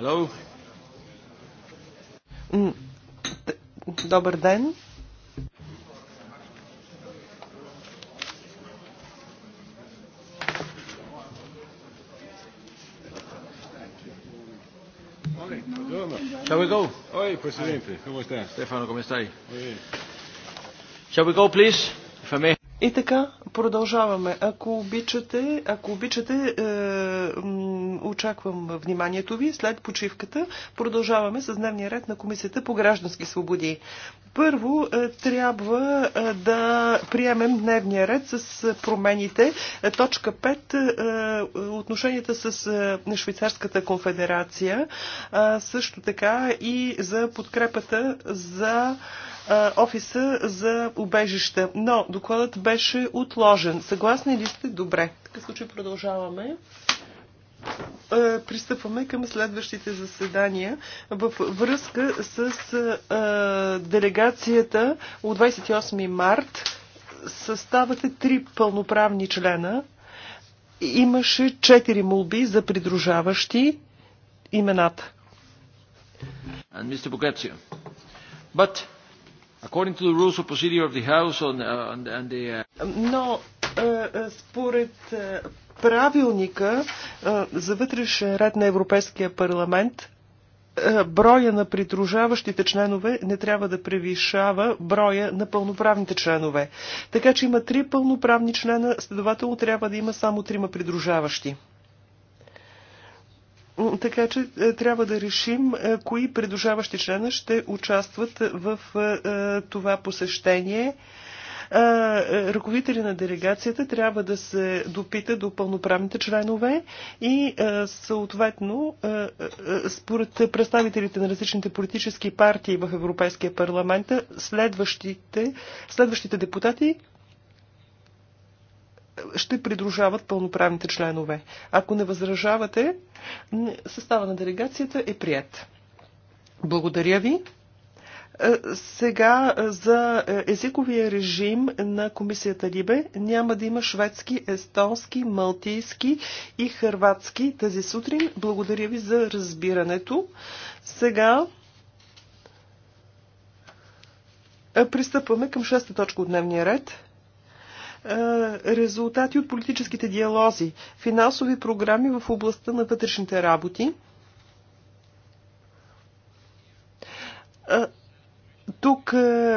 Hello. Добър ден. Shall we go? Oi, Presidente, come sta? Stefano, come stai? Shall we go, please? If I may. И така, продължаваме. Ако обичате, ако обичате, е, Очаквам вниманието ви. След почивката продължаваме с дневния ред на Комисията по граждански свободи. Първо е, трябва е, да приемем дневния ред с промените. Е, точка 5 отношенията с Швейцарската конфедерация, също така и за подкрепата за офиса за убежища. Но докладът беше отложен. Съгласни ли сте? Добре. В такъв случай продължаваме. Е, пристъпваме към следващите заседания в връзка с е, делегацията от 28 март. съставате три пълноправни члена. Имаше четири молби за придружаващи имената. according to the rules of procedure of the House uh, the... Uh... Но uh, според uh, правилника за вътрешен ред на Европейския парламент броя на придружаващите членове не трябва да превишава броя на пълноправните членове. Така че има три пълноправни члена, следователно трябва да има само трима придружаващи. Така че е, трябва да решим е, кои придружаващи члена ще участват в е, това посещение. Е, Ръковители на делегацията трябва да се допита до пълноправните членове и е, съответно е, според представителите на различните политически партии в Европейския парламент следващите, следващите депутати ще придружават пълноправните членове. Ако не възражавате, състава на делегацията е прият. Благодаря ви. Е, сега е, за е, езиковия режим на комисията Либе няма да има шведски, естонски, малтийски и хърватски тази сутрин. Благодаря ви за разбирането. Сега пристъпваме към шеста точка от дневния ред резултати от политическите диалози, финансови програми в областта на вътрешните работи. тук е, е,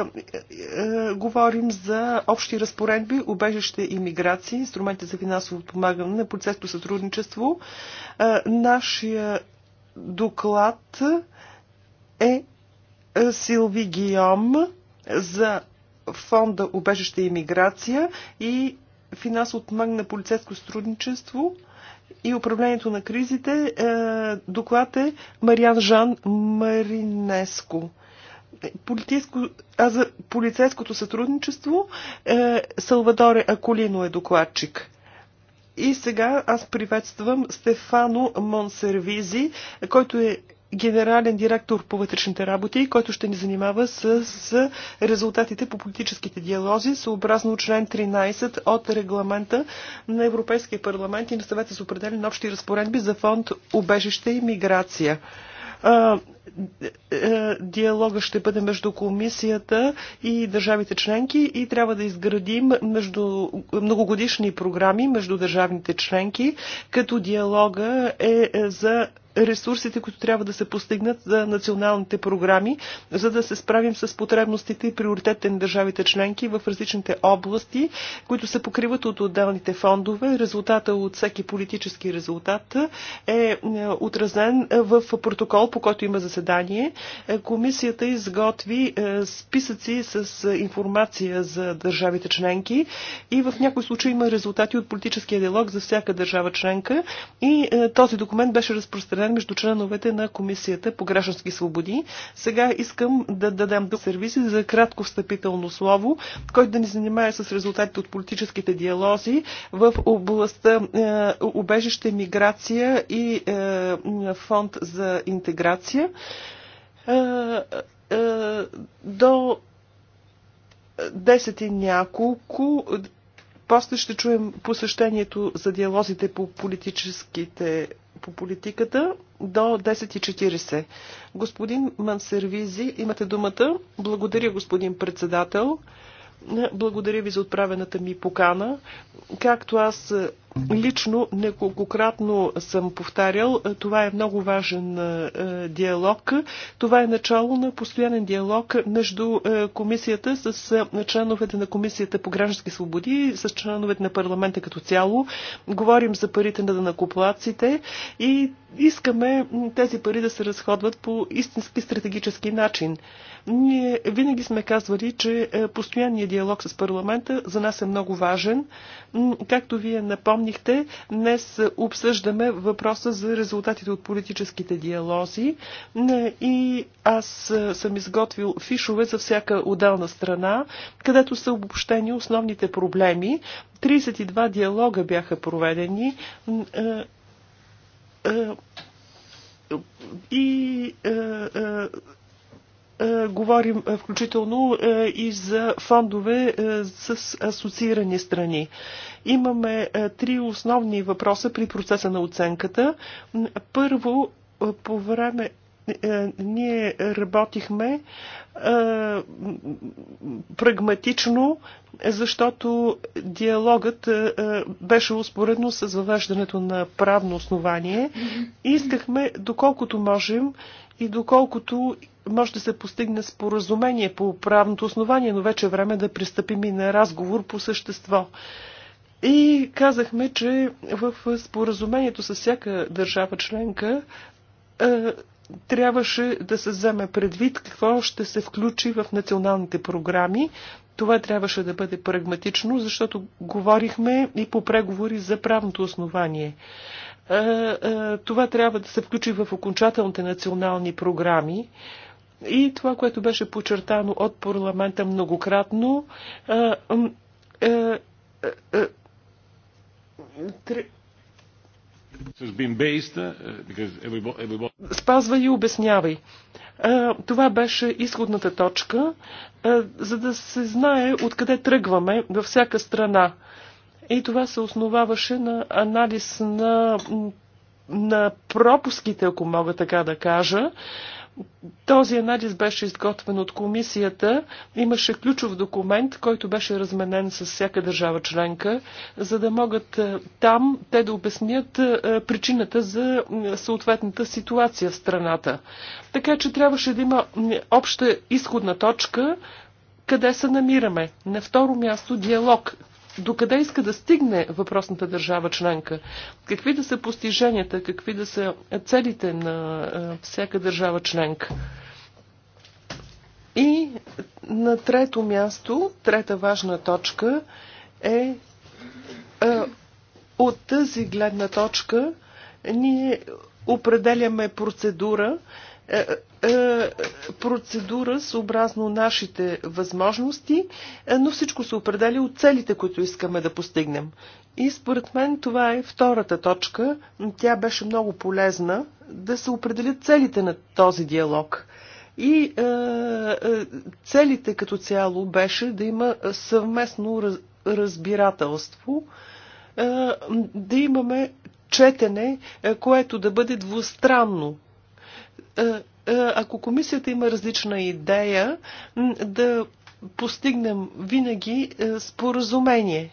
е, говорим за общи разпоредби, убежище и миграции, инструменти за финансово помагане, процесно сътрудничество. Е, нашия доклад е, е Силви Гиом за фонда Обежище и миграция и финансово помагане на полицейско сътрудничество и управлението на кризите. Е, доклад е Мариан Жан Маринеско политическо, а за полицейското сътрудничество е, Салвадоре Аколино е докладчик. И сега аз приветствам Стефано Монсервизи, който е генерален директор по вътрешните работи, който ще ни занимава с, с резултатите по политическите диалози, съобразно член 13 от регламента на Европейския парламент и на съвета за определени общи разпоредби за фонд Обежище и миграция. Е, е, диалога ще бъде между комисията и държавите членки и трябва да изградим между многогодишни програми между държавните членки, като диалога е, е за ресурсите, които трябва да се постигнат за националните програми, за да се справим с потребностите и приоритетите на държавите членки в различните области, които се покриват от отделните фондове. Резултата от всеки политически резултат е, е отразен в протокол, по който има заседание. Комисията изготви е, списъци с информация за държавите членки и в някои случаи има резултати от политическия диалог за всяка държава членка и е, този документ беше разпространен разпределен между членовете на Комисията по граждански свободи. Сега искам да дадам до сервиси за кратко встъпително слово, който да ни занимае с резултатите от политическите диалози в областта е, убежище, миграция и е, фонд за интеграция. Е, е, до 10 и няколко после ще чуем посещението за диалозите по политическите по политиката до 10.40. Господин Мансервизи, имате думата. Благодаря, господин председател. Благодаря ви за отправената ми покана. Както аз Лично неколкократно съм повтарял, е, това е много важен е, е, диалог. Това е начало на постоянен диалог между комисията с членовете на комисията по граждански свободи, с членовете на парламента като цяло. Говорим за парите на накоплаците и искаме тези пари да се разходват по истински стратегически начин. Ние винаги сме казвали, че постоянният диалог с парламента за нас е много важен. Както вие напомняте, припомнихте, днес обсъждаме въпроса за резултатите от политическите диалози и аз съм изготвил фишове за всяка отделна страна, където са обобщени основните проблеми. 32 диалога бяха проведени е, е, е, и е, говорим е, включително е, и за фондове с асоциирани страни. Имаме три основни въпроса при процеса на оценката. Първо, по време ние работихме прагматично, защото диалогът беше успоредно с въвеждането на правно основание. Искахме, доколкото можем и доколкото може да се постигне споразумение по правното основание, но вече е време да пристъпим и на разговор по същество. И казахме, че в споразумението с всяка държава членка е, трябваше да се вземе предвид какво ще се включи в националните програми. Това трябваше да бъде прагматично, защото говорихме и по преговори за правното основание. Е, е, това трябва да се включи в окончателните национални програми. И това, което беше подчертано от парламента многократно, а, uh, Спазвай и обяснявай. Това беше изходната точка, за да се знае откъде тръгваме във всяка страна. И това се основаваше на анализ на, на пропуските, ако мога така да кажа, този анализ беше изготвен от комисията. Имаше ключов документ, който беше разменен с всяка държава членка, за да могат е, там те да обяснят е, причината за съответната ситуация в страната. Така че трябваше да има обща изходна точка, къде се намираме. На второ място диалог докъде иска да стигне въпросната държава членка, какви да са постиженията, какви да са целите на всяка държава членка. И на трето място, трета важна точка е, е от тази гледна точка ние определяме процедура, е, е, процедура съобразно нашите възможности, е, но всичко се определя от целите, които искаме да постигнем. И според мен това е втората точка. Тя беше много полезна да се определят целите на този диалог. И е, е, целите като цяло беше да има съвместно раз, разбирателство, е, да имаме четене, което да бъде двустранно е, е, ако комисията има различна идея, да постигнем винаги е, споразумение.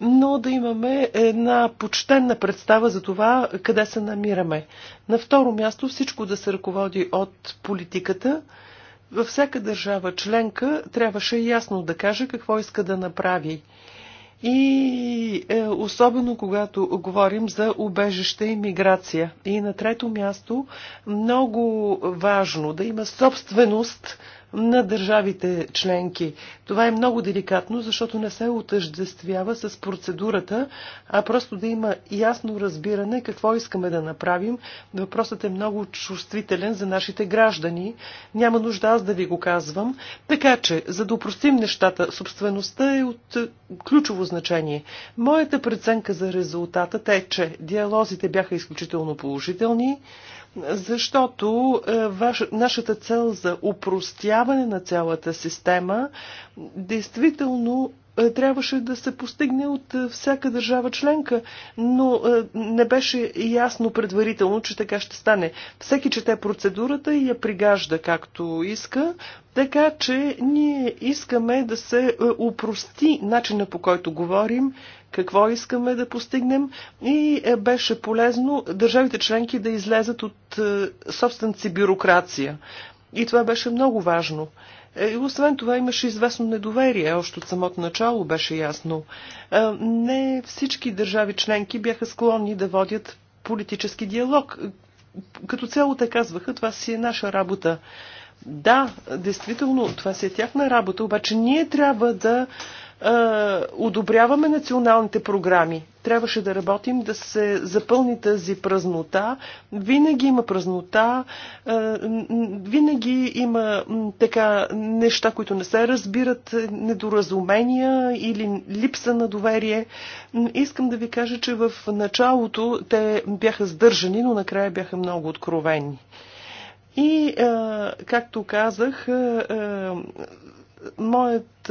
Но да имаме една почтенна представа за това, къде се намираме. На второ място всичко да се ръководи от политиката. Във всяка държава членка трябваше ясно да каже какво иска да направи и е, особено когато говорим за убежище и миграция. И на трето място, много важно да има собственост на държавите членки. Това е много деликатно, защото не се отъждествява с процедурата, а просто да има ясно разбиране какво искаме да направим. Въпросът е много чувствителен за нашите граждани. Няма нужда аз да ви го казвам. Така че, за да упростим нещата, собствеността е от ключово значение. Моята преценка за резултатът е, че диалозите бяха изключително положителни защото е, ваш, нашата цел за упростяване на цялата система действително е, трябваше да се постигне от е, всяка държава членка, но не беше ясно предварително, че така ще стане. Всеки чете процедурата и я пригажда както иска, така че ние искаме да се упрости начина по който говорим какво искаме да постигнем и е, беше полезно държавите членки да излезат от е, собствената си бюрокрация. И това беше много важно. Е, и освен това имаше известно недоверие, още от самото начало беше ясно. Не всички държави членки бяха склонни да водят политически диалог. Като цяло те казваха, това си е наша работа. Да, действително, това си е тяхна работа, обаче ние трябва да е, одобряваме националните програми. Трябваше да работим да се запълни тази празнота. Винаги има празнота, е, винаги има така неща, които не се разбират, недоразумения или липса на доверие. Искам да ви кажа, че в началото те бяха сдържани, но накрая бяха много откровени. И, е, както казах, моят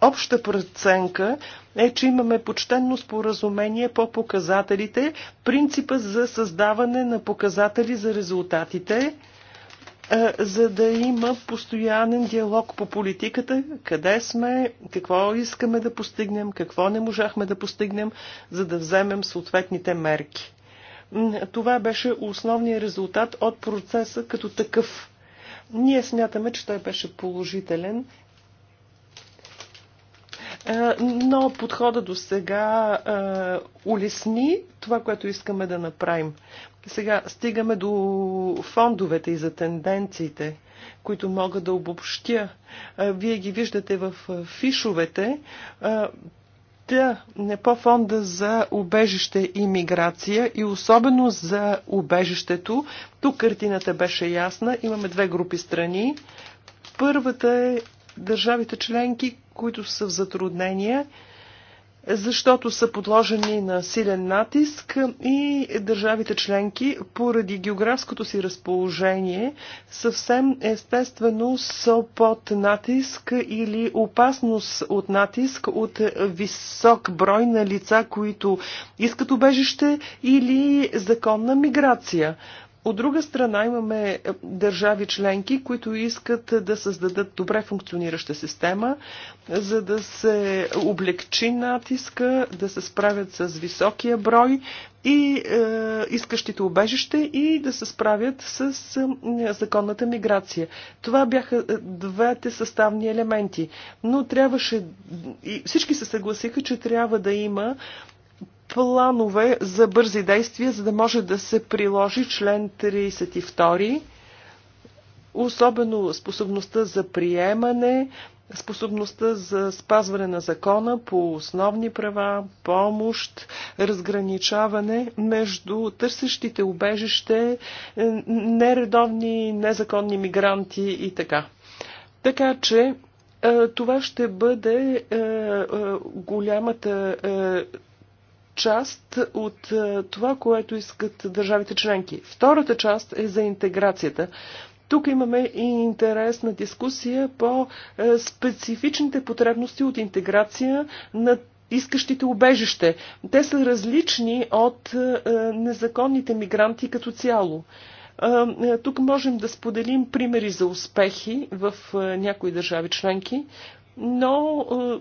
обща преценка е, че имаме почтенно споразумение по показателите, принципа за създаване на показатели за резултатите, е, за да има постоянен диалог по политиката, къде сме, какво искаме да постигнем, какво не можахме да постигнем, за да вземем съответните мерки. Това беше основният резултат от процеса като такъв. Ние смятаме, че той беше положителен е, но подхода до сега е, улесни това, което искаме да направим. Сега стигаме до фондовете и за тенденциите, които мога да обобщя. Е, вие ги виждате в фишовете. Да, не по фонда за убежище и миграция и особено за убежището. Тук картината беше ясна. Имаме две групи страни. Първата е държавите членки, които са в затруднения, защото са подложени на силен натиск и държавите членки, поради географското си разположение, съвсем естествено са под натиск или опасност от натиск от висок брой на лица, които искат убежище или законна миграция. От друга страна имаме е, държави членки, които искат да създадат добре функционираща система, за да се облегчи натиска, да се справят с високия брой и е, искащите убежище и да се справят с е, законната миграция. Това бяха е, двете съставни елементи. Но трябваше. И всички се съгласиха, че трябва да има планове за бързи действия, за да може да се приложи член 32, особено способността за приемане, способността за спазване на закона по основни права, помощ, разграничаване между търсещите убежище, нередовни, незаконни мигранти и така. Така че е, това ще бъде е, е, голямата част от е, това, което искат държавите членки. Втората част е за интеграцията. Тук имаме и интересна дискусия по е, специфичните потребности от интеграция на искащите убежище. Те са различни от е, незаконните мигранти като цяло. Тук можем да споделим примери за успехи в някои държави членки, но е,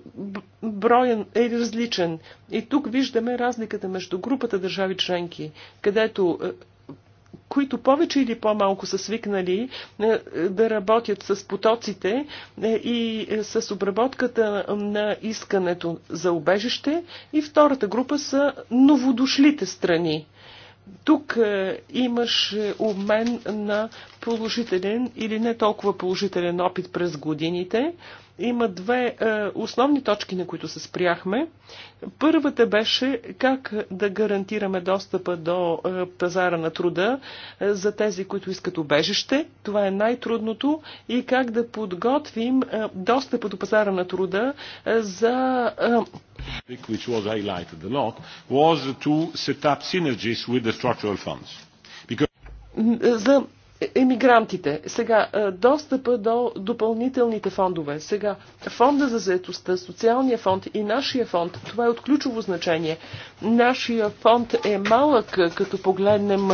броен е различен. И тук виждаме разликата между групата държави членки, където е, които повече или по-малко са свикнали е, да работят с потоците и с обработката на искането за убежище. И втората група са новодошлите страни. Тук имаш обмен на положителен или не толкова положителен опит през годините. Има две е, основни точки, на които се спряхме. Първата беше как да гарантираме достъпа до е, пазара на труда е, за тези, които искат убежище. Това е най-трудното. И как да подготвим е, достъпа до пазара на труда е, за. Е, which was highlighted a lot, was to set up synergies with the structural funds. Because за емигрантите. Сега, е, достъпа до допълнителните фондове. Сега, фонда за заетостта, социалния фонд и нашия фонд, това е от ключово значение. Нашия фонд е малък, е, като погледнем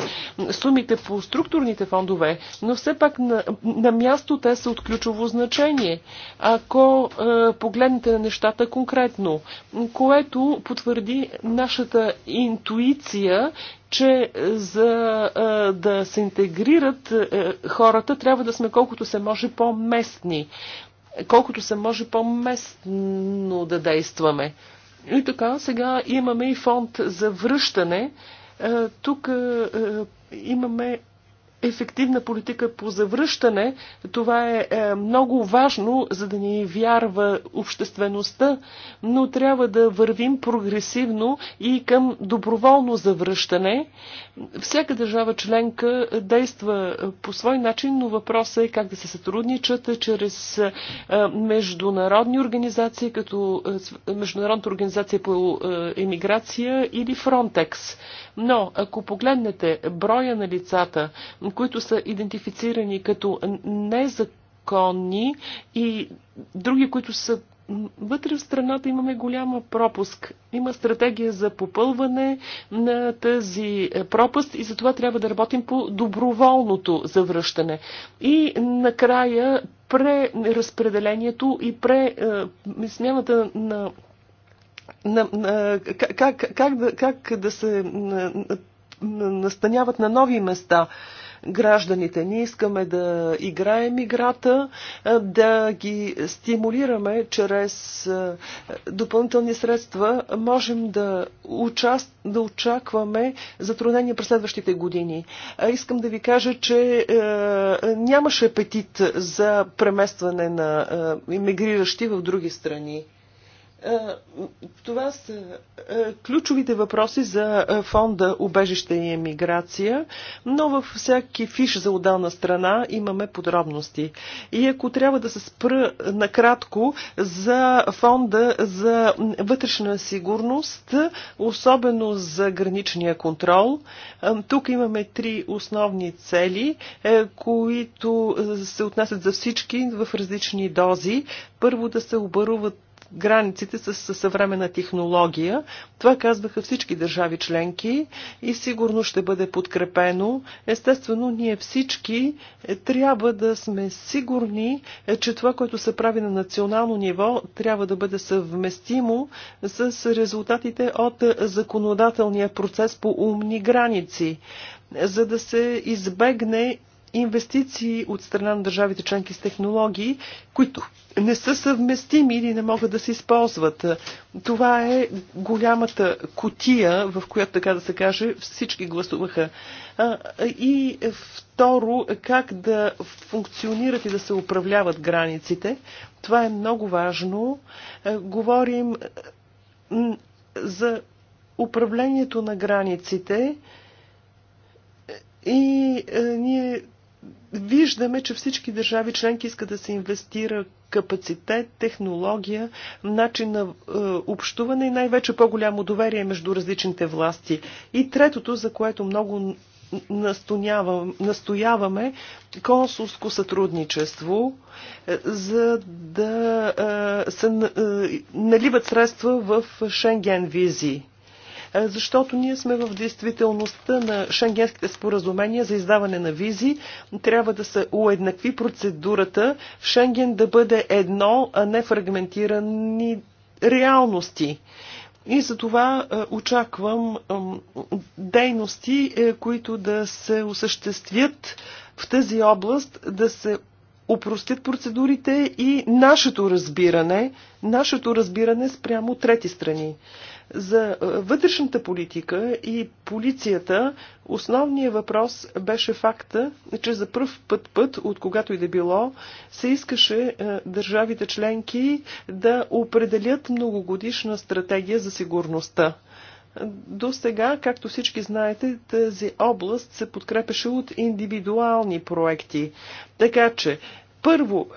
сумите по структурните фондове, но все пак на, на място те са от ключово значение. Ако е, погледнете на нещата конкретно, което потвърди нашата интуиция, че е, за е, да се интегрират е, хората, трябва да сме колкото се може по-местни, колкото се може по-местно да действаме. И така, сега имаме и фонд за връщане. Тук имаме ефективна политика по завръщане. Това е, е много важно, за да ни вярва обществеността, но трябва да вървим прогресивно и към доброволно завръщане. Всяка държава членка действа е, по свой начин, но въпросът е как да се сътрудничат чрез е, международни организации, като Международната организация по емиграция или Фронтекс. Но ако погледнете броя на лицата, които са идентифицирани като незаконни и други, които са вътре в страната имаме голяма пропуск. Има стратегия за попълване на тази пропаст и затова трябва да работим по доброволното завръщане. И накрая преразпределението и пре, е, смяната на, на, на как, как, как, да, как да се настаняват на нови места гражданите. Ние искаме да играем играта, да ги стимулираме чрез допълнителни средства. Можем да, участ... да очакваме затруднения през следващите години. Искам да ви кажа, че нямаше апетит за преместване на иммигриращи в други страни. Е, това са е, ключовите въпроси за е, фонда Обежище и емиграция, но във всяки фиш за отдална страна имаме подробности. И ако трябва да се спра накратко за фонда за вътрешна сигурност, особено за граничния контрол, тук имаме три основни цели, които се отнасят за всички в различни дози. Първо да се оборуват границите с съвременна технология. Това казваха всички държави членки и сигурно ще бъде подкрепено. Естествено, ние всички е, трябва да сме сигурни, е, че това, което се прави на национално ниво, трябва да бъде съвместимо с резултатите от е, законодателния процес по умни граници за да се избегне инвестиции от страна на държавите членки с технологии, които не са съвместими или не могат да се използват. Това е голямата котия, в която, така да се каже, всички гласуваха. И второ, как да функционират и да се управляват границите. Това е много важно. Говорим за управлението на границите и ние виждаме, че всички държави членки искат да се инвестира капацитет, технология, начин на е, общуване и най-вече по-голямо доверие между различните власти. И третото, за което много настояваме консулско сътрудничество, е, за да е, се е, наливат средства в Шенген визи. Е, защото ние сме в действителността на шенгенските споразумения за издаване на визи. Трябва да се уеднакви процедурата, в Шенген да бъде едно, а не фрагментирани реалности. И за това е, очаквам дейности, е, които да се осъществят в тази област, да се упростят процедурите и нашето разбиране, нашето разбиране спрямо трети страни. За е, вътрешната политика и полицията основният въпрос беше факта, че за първ път път, от когато и да било, се искаше е, държавите членки да определят многогодишна стратегия за сигурността. До сега, както всички знаете, тази област се подкрепеше от индивидуални проекти. Така че, първо,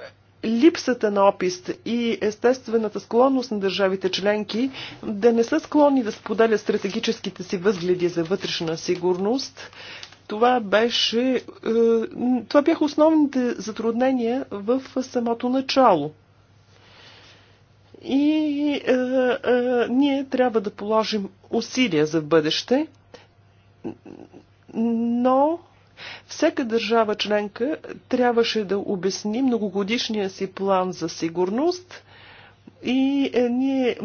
липсата на опис и естествената склонност на държавите членки да не са склонни да споделят стратегическите си възгледи за вътрешна сигурност, това, беше, е, това бяха основните затруднения в самото начало. И е, е, ние трябва да положим усилия за бъдеще, но всяка държава членка трябваше да обясни многогодишния си план за сигурност и е, ние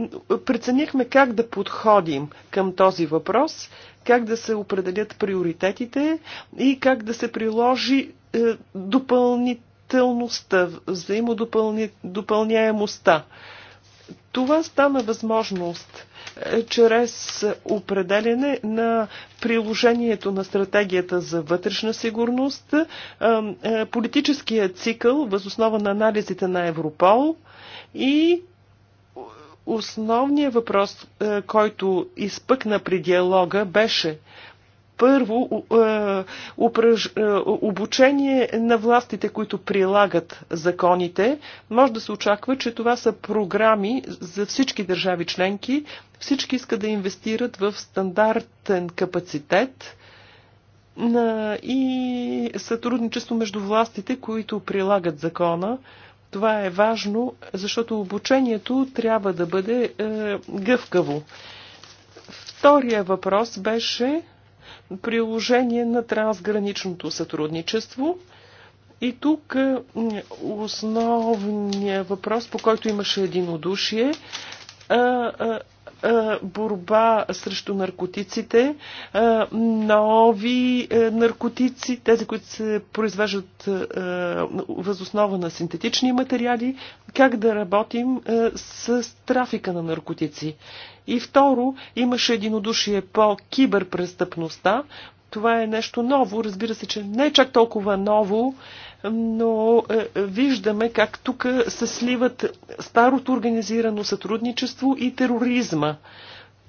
преценихме как да подходим към този въпрос, как да се определят приоритетите и как да се приложи е, допълнителността, взаимодопълняемостта. Това стана възможност е, чрез определене на приложението на стратегията за вътрешна сигурност, е, е, политическия цикъл възоснова на анализите на Европол и основният въпрос, който изпъкна при диалога, беше първо е, е, обучение на властите, които прилагат законите. Може да се очаква, че това са програми за всички държави членки. Всички искат да инвестират в стандартен капацитет и сътрудничество между властите, които прилагат закона. Това е важно, защото обучението трябва да бъде е, гъвкаво. Втория въпрос беше приложение на трансграничното сътрудничество. И тук е, основният въпрос, по който имаше единодушие, е, е, борба срещу наркотиците, нови наркотици, тези, които се произвеждат възоснова на синтетични материали, как да работим с трафика на наркотици. И второ, имаше единодушие по киберпрестъпността. Това е нещо ново, разбира се, че не е чак толкова ново, но е, е виждаме как тук се сливат старото организирано сътрудничество и тероризма.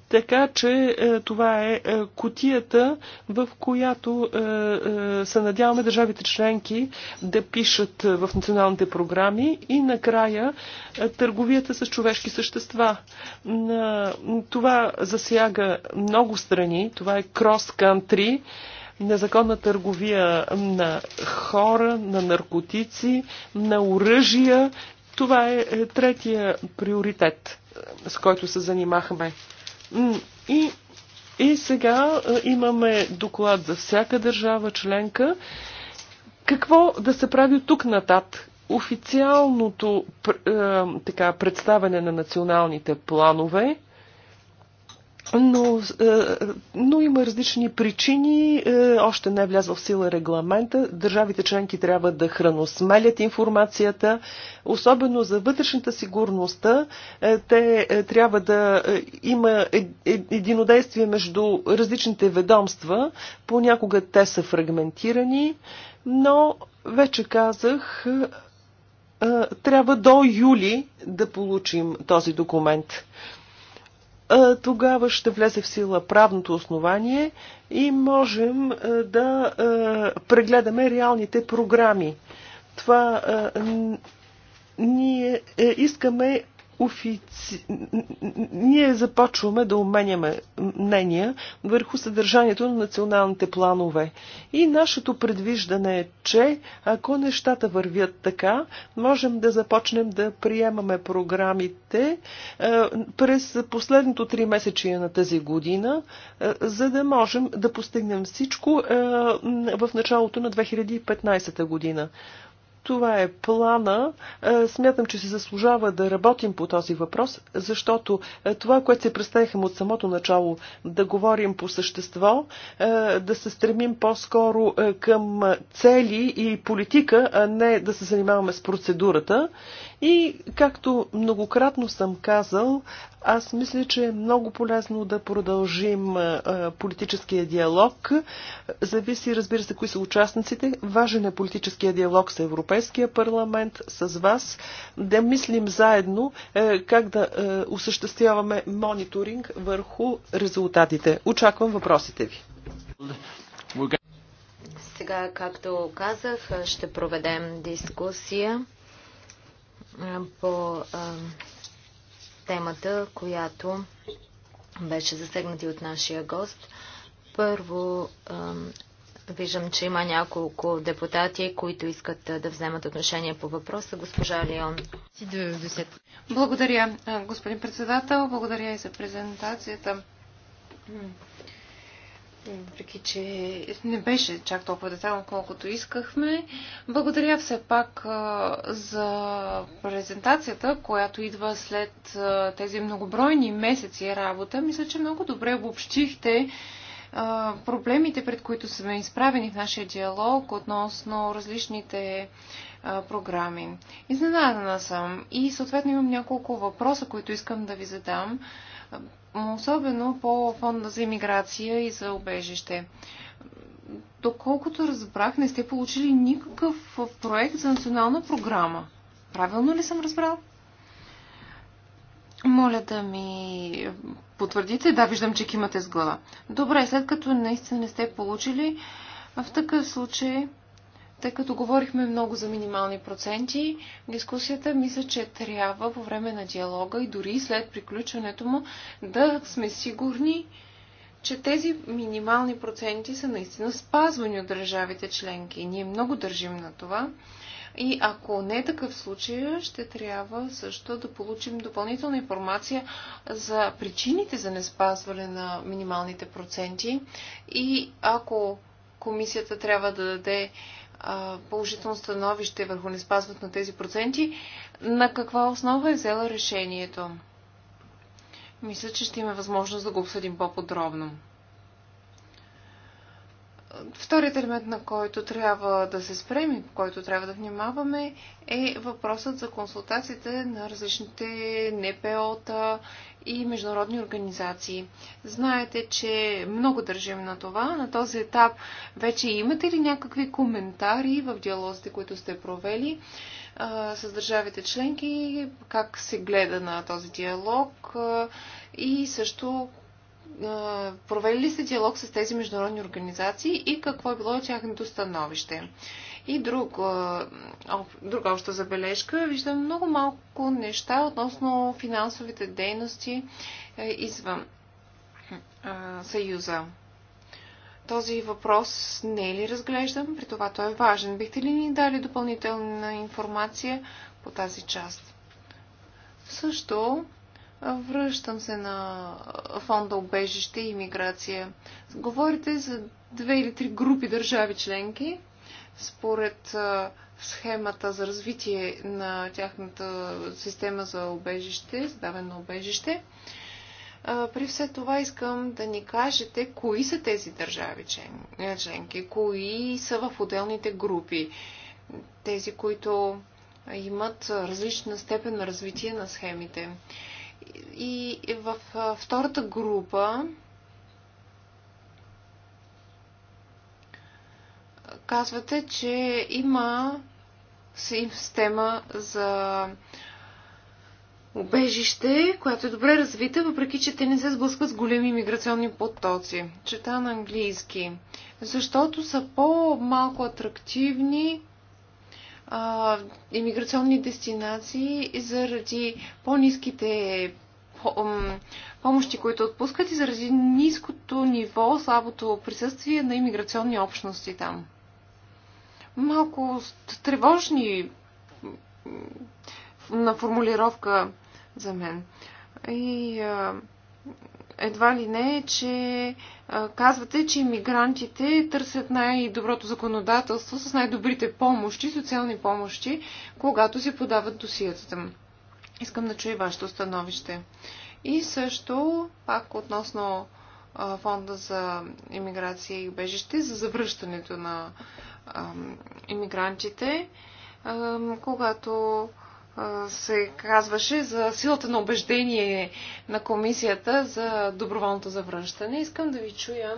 Така че е, това е, е котията, в която е, се надяваме държавите членки да пишат в националните програми и накрая търговията с човешки същества. Това засяга много страни, това е крос-кантри, незаконна търговия на хора, на наркотици, на оръжия. Това е третия приоритет, с който се занимахме. И, и сега имаме доклад за всяка държава членка. Какво да се прави тук натат? Официалното така, представяне на националните планове, но, е, но има различни причини. Е, още не е влязъл в сила регламента. Държавите членки трябва да храносмелят информацията, особено за вътрешната сигурността. Е, те трябва да има единодействие между различните ведомства. Понякога те са фрагментирани, но вече казах, трябва до юли да получим този документ тогава ще влезе в сила правното основание и можем да прегледаме реалните програми. Това ние е, искаме офици... ние започваме да уменяме мнения върху съдържанието на националните планове. И нашето предвиждане е, че ако нещата вървят така, можем да започнем да приемаме програмите е, през последното три месечия на тази година, е, за да можем да постигнем всичко е, в началото на 2015 година. Това е плана. Е, смятам, че се заслужава да работим по този въпрос, защото е, това, което се представихме от самото начало, да говорим по същество, е, да се стремим по-скоро към цели и политика, а не да се занимаваме с процедурата. И, както многократно съм казал, аз мисля, че е много полезно да продължим политическия диалог. Зависи, разбира се, кои са участниците. Важен е политическия диалог с Европейския парламент, с вас, да мислим заедно е, как да е, осъществяваме мониторинг върху резултатите. Очаквам въпросите ви. Сега, както казах, ще проведем дискусия по темата, която беше засегнати от нашия гост. Първо, виждам, че има няколко депутати, които искат да вземат отношение по въпроса. Госпожа Леон. Благодаря, господин председател. Благодаря и за презентацията въпреки че не беше чак толкова детайлно, колкото искахме. Благодаря все пак за презентацията, която идва след тези многобройни месеци работа. Мисля, че много добре обобщихте проблемите, пред които сме изправени в нашия диалог относно различните програми. Изненадана съм и съответно имам няколко въпроса, които искам да ви задам особено по фонда за иммиграция и за обежище. Доколкото разбрах, не сте получили никакъв проект за национална програма. Правилно ли съм разбрал? Моля да ми потвърдите. Да, виждам, че кимате с глава. Добре, след като наистина не сте получили, в такъв случай тъй като говорихме много за минимални проценти, дискусията мисля, че трябва по време на диалога и дори след приключването му да сме сигурни, че тези минимални проценти са наистина спазвани от държавите членки. Ние много държим на това. И ако не е такъв случай, ще трябва също да получим допълнителна информация за причините за неспазване на минималните проценти. И ако комисията трябва да даде положително становище върху неспазването на тези проценти, на каква основа е взела решението? Мисля, че ще има възможност да го обсъдим по-подробно. Вторият елемент, на който трябва да се спрем по който трябва да внимаваме, е въпросът за консултациите на различните НПО-та и международни организации. Знаете, че много държим на това. На този етап вече имате ли някакви коментари в диалозите, които сте провели а, с държавите членки, как се гледа на този диалог а, и също а, провели ли сте диалог с тези международни организации и какво е било тяхното становище? И друг, друга обща забележка. Виждам много малко неща относно финансовите дейности е, извън Съюза. Този въпрос не е ли разглеждан? При това той е важен. Бихте ли ни дали допълнителна информация по тази част? Също връщам се на фонда обежище и миграция. Говорите за две или три групи държави членки според схемата за развитие на тяхната система за обежище, на обежище. При все това искам да ни кажете кои са тези държави е, членки, кои са в отделните групи, тези, които имат различна степен на развитие на схемите. И в втората група казвате, че има система за убежище, която е добре развита, въпреки че те не се сблъскват с големи миграционни потоци. Чета на английски. Защото са по-малко атрактивни а, иммиграционни дестинации заради по-низките помощи, които отпускат и заради ниското ниво, слабото присъствие на иммиграционни общности там малко тревожни на формулировка за мен. И а, едва ли не, че а, казвате, че иммигрантите търсят най-доброто законодателство с най-добрите помощи, социални помощи, когато си подават досиятата. Искам да чуя вашето становище. И също, пак относно а, фонда за иммиграция и убежище, за завръщането на иммигрантите, когато се казваше за силата на убеждение на комисията за доброволното завръщане. Искам да ви чуя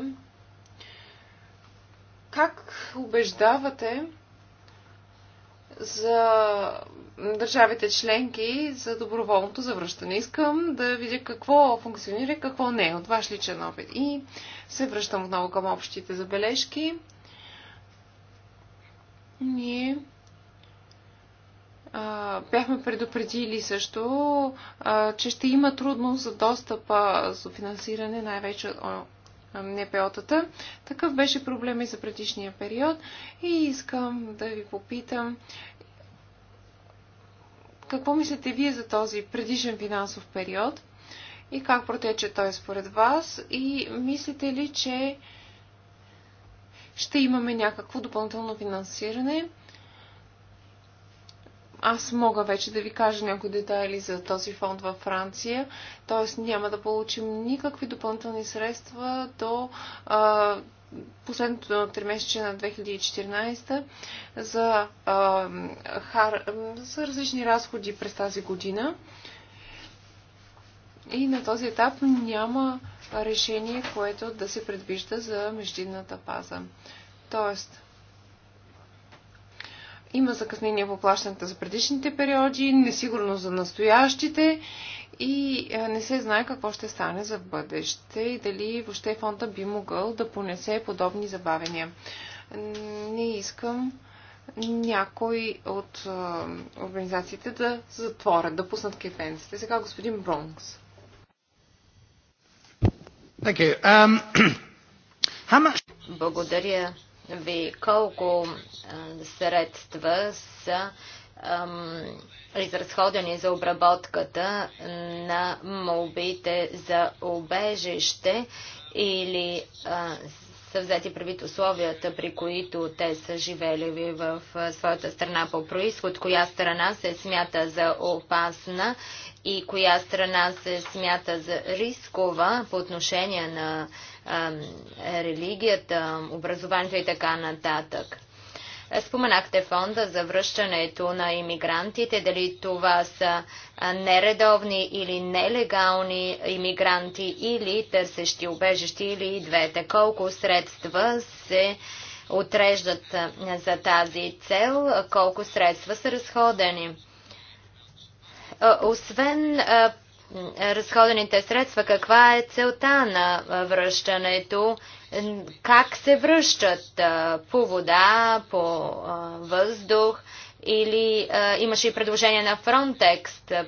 как убеждавате за държавите членки за доброволното завръщане. Искам да видя какво функционира и какво не е от ваш личен опит. И се връщам отново към общите забележки ние а, бяхме предупредили също, а, че ще има трудност за достъпа за финансиране, най-вече НПО-тата. Такъв беше проблем и за предишния период и искам да ви попитам какво мислите вие за този предишен финансов период и как протече той според вас и мислите ли, че ще имаме някакво допълнително финансиране. Аз мога вече да ви кажа някои детайли за този фонд във Франция, т.е. няма да получим никакви допълнителни средства до а, последното тримесечие на 2014 за, а, хар, за различни разходи през тази година. А, и на този етап няма решение, което да се предвижда за междинната паза. Тоест, има закъснение по плащането за предишните периоди, несигурност за настоящите и е, не се знае какво ще стане за бъдеще и дали въобще фонда би могъл да понесе подобни забавения. Не искам някой от е, организациите да затворят, да пуснат кефенците. Сега господин Бронкс. Um, Благодаря ви. Колко средства са изразходени за обработката на молбите за обежище или са взети предвид условията, при които те са живели в своята страна по происход, коя страна се смята за опасна и коя страна се смята за рискова по отношение на религията, образованието и така нататък. Е, споменахте фонда за връщането на иммигрантите, дали това са нередовни или нелегални иммигранти или търсещи убежищи или двете. Колко средства се отреждат за тази цел, колко средства са разходени. Е, освен разходените средства, каква е целта на връщането, как се връщат по вода, по въздух или имаше и предложение на Frontex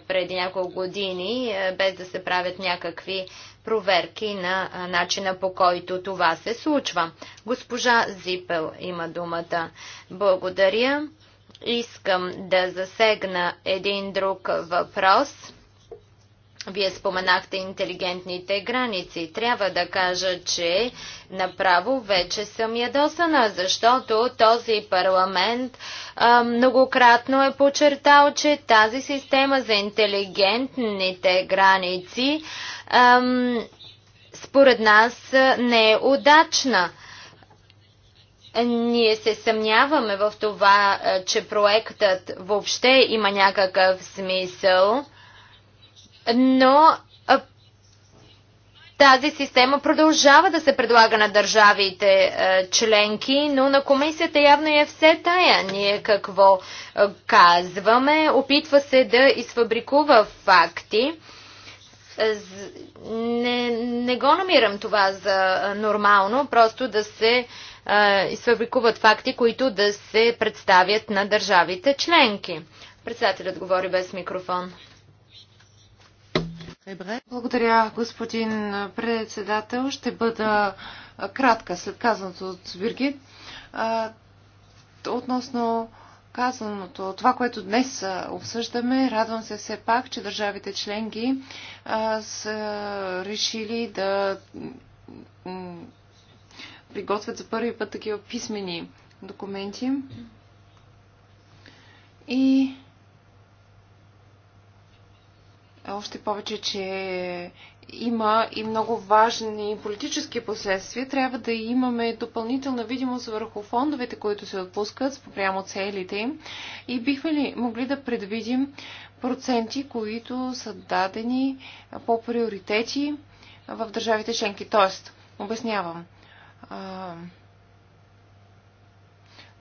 преди няколко години, без да се правят някакви проверки на начина по който това се случва. Госпожа Зипел има думата. Благодаря. Искам да засегна един друг въпрос вие споменахте интелигентните граници. Трябва да кажа, че направо вече съм ядосана, защото този парламент а, многократно е подчертал, че тази система за интелигентните граници а, според нас не е удачна. Ние се съмняваме в това, че проектът въобще има някакъв смисъл но тази система продължава да се предлага на държавите е, членки, но на комисията явно е все тая. Ние какво е, казваме? Опитва се да изфабрикува факти. Е, не, не го намирам това за нормално, просто да се изфабрикуват факти, които да се представят на държавите членки. Председателят говори без микрофон. Благодаря, господин председател. Ще бъда кратка след казаното от Биргит. Относно казаното, това, което днес обсъждаме, радвам се все пак, че държавите членки са решили да приготвят за първи път такива писмени документи. И още повече, че има и много важни политически последствия. Трябва да имаме допълнителна видимост върху фондовете, които се отпускат спрямо целите им. И бихме ли могли да предвидим проценти, които са дадени по приоритети в държавите членки? Тоест, обяснявам,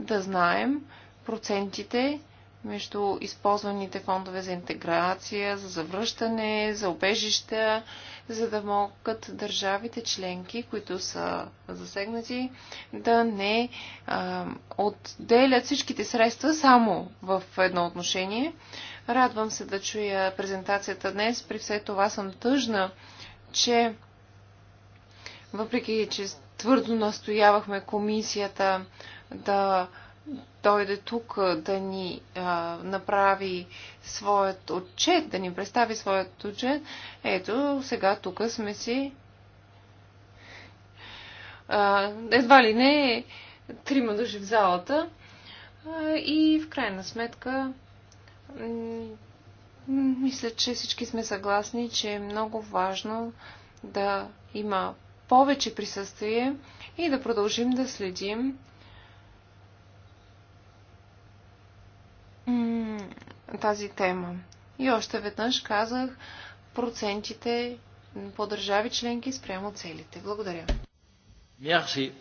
да знаем процентите между използваните фондове за интеграция, за завръщане, за обежища, за да могат държавите членки, които са засегнати, да не а, отделят всичките средства само в едно отношение. Радвам се да чуя презентацията днес. При все това съм тъжна, че въпреки, че твърдо настоявахме комисията да дойде тук да ни а, направи своят отчет, да ни представи своят отчет, ето сега тук сме си. А, едва ли не трима души в залата а, и в крайна сметка мисля, че всички сме съгласни, че е много важно да има повече присъствие и да продължим да следим тази тема. И още веднъж казах процентите по държави членки спрямо целите. Благодаря. Merci.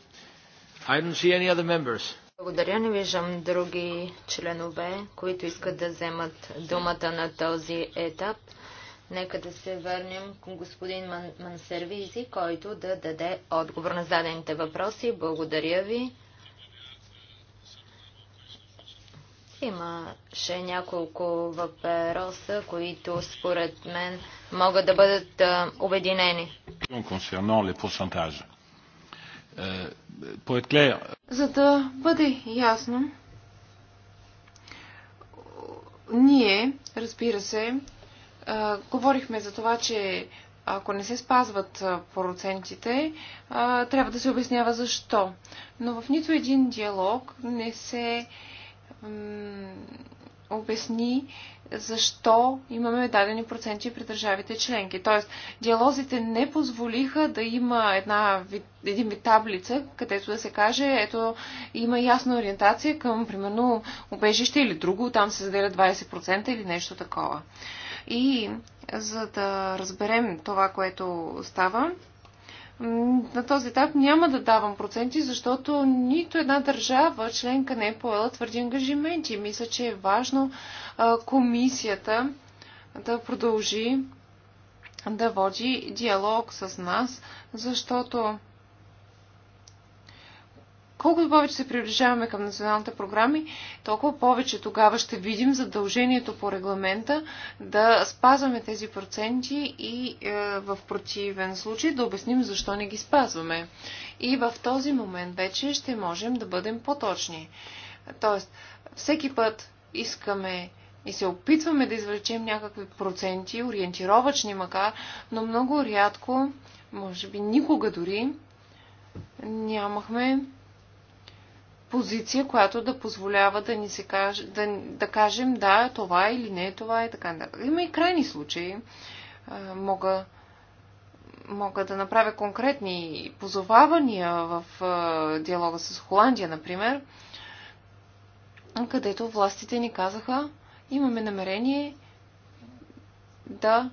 I don't see any other members. Благодаря. Не виждам други членове, които искат да вземат думата на този етап. Нека да се върнем към господин Мансервизи, който да даде отговор на зададените въпроси. Благодаря ви. Имаше няколко въпроса, които според мен могат да бъдат обединени. Euh, за да бъде ясно, ние, разбира се, говорихме за това, че ако не се спазват процентите, трябва да се обяснява защо. Но в нито един диалог не се обясни защо имаме дадени проценти при държавите членки. Тоест, диалозите не позволиха да има една, един вид таблица, където да се каже, ето, има ясна ориентация към, примерно, убежище или друго, там се заделя 20% или нещо такова. И за да разберем това, което става, на този етап няма да давам проценти, защото нито една държава членка не е поела твърди ангажименти. Мисля, че е важно комисията да продължи да води диалог с нас, защото колкото повече се приближаваме към националните програми, толкова повече тогава ще видим задължението по регламента да спазваме тези проценти и е, в противен случай да обясним защо не ги спазваме. И в този момент вече ще можем да бъдем по-точни. Тоест, всеки път искаме и се опитваме да извлечем някакви проценти, ориентировачни макар, но много рядко, може би никога дори, нямахме позиция, която да позволява да ни се каже, да, да кажем да, това е или не, е това и така нататък. Има и крайни случаи. Мога, мога да направя конкретни позовавания в диалога с Холандия, например, където властите ни казаха, имаме намерение да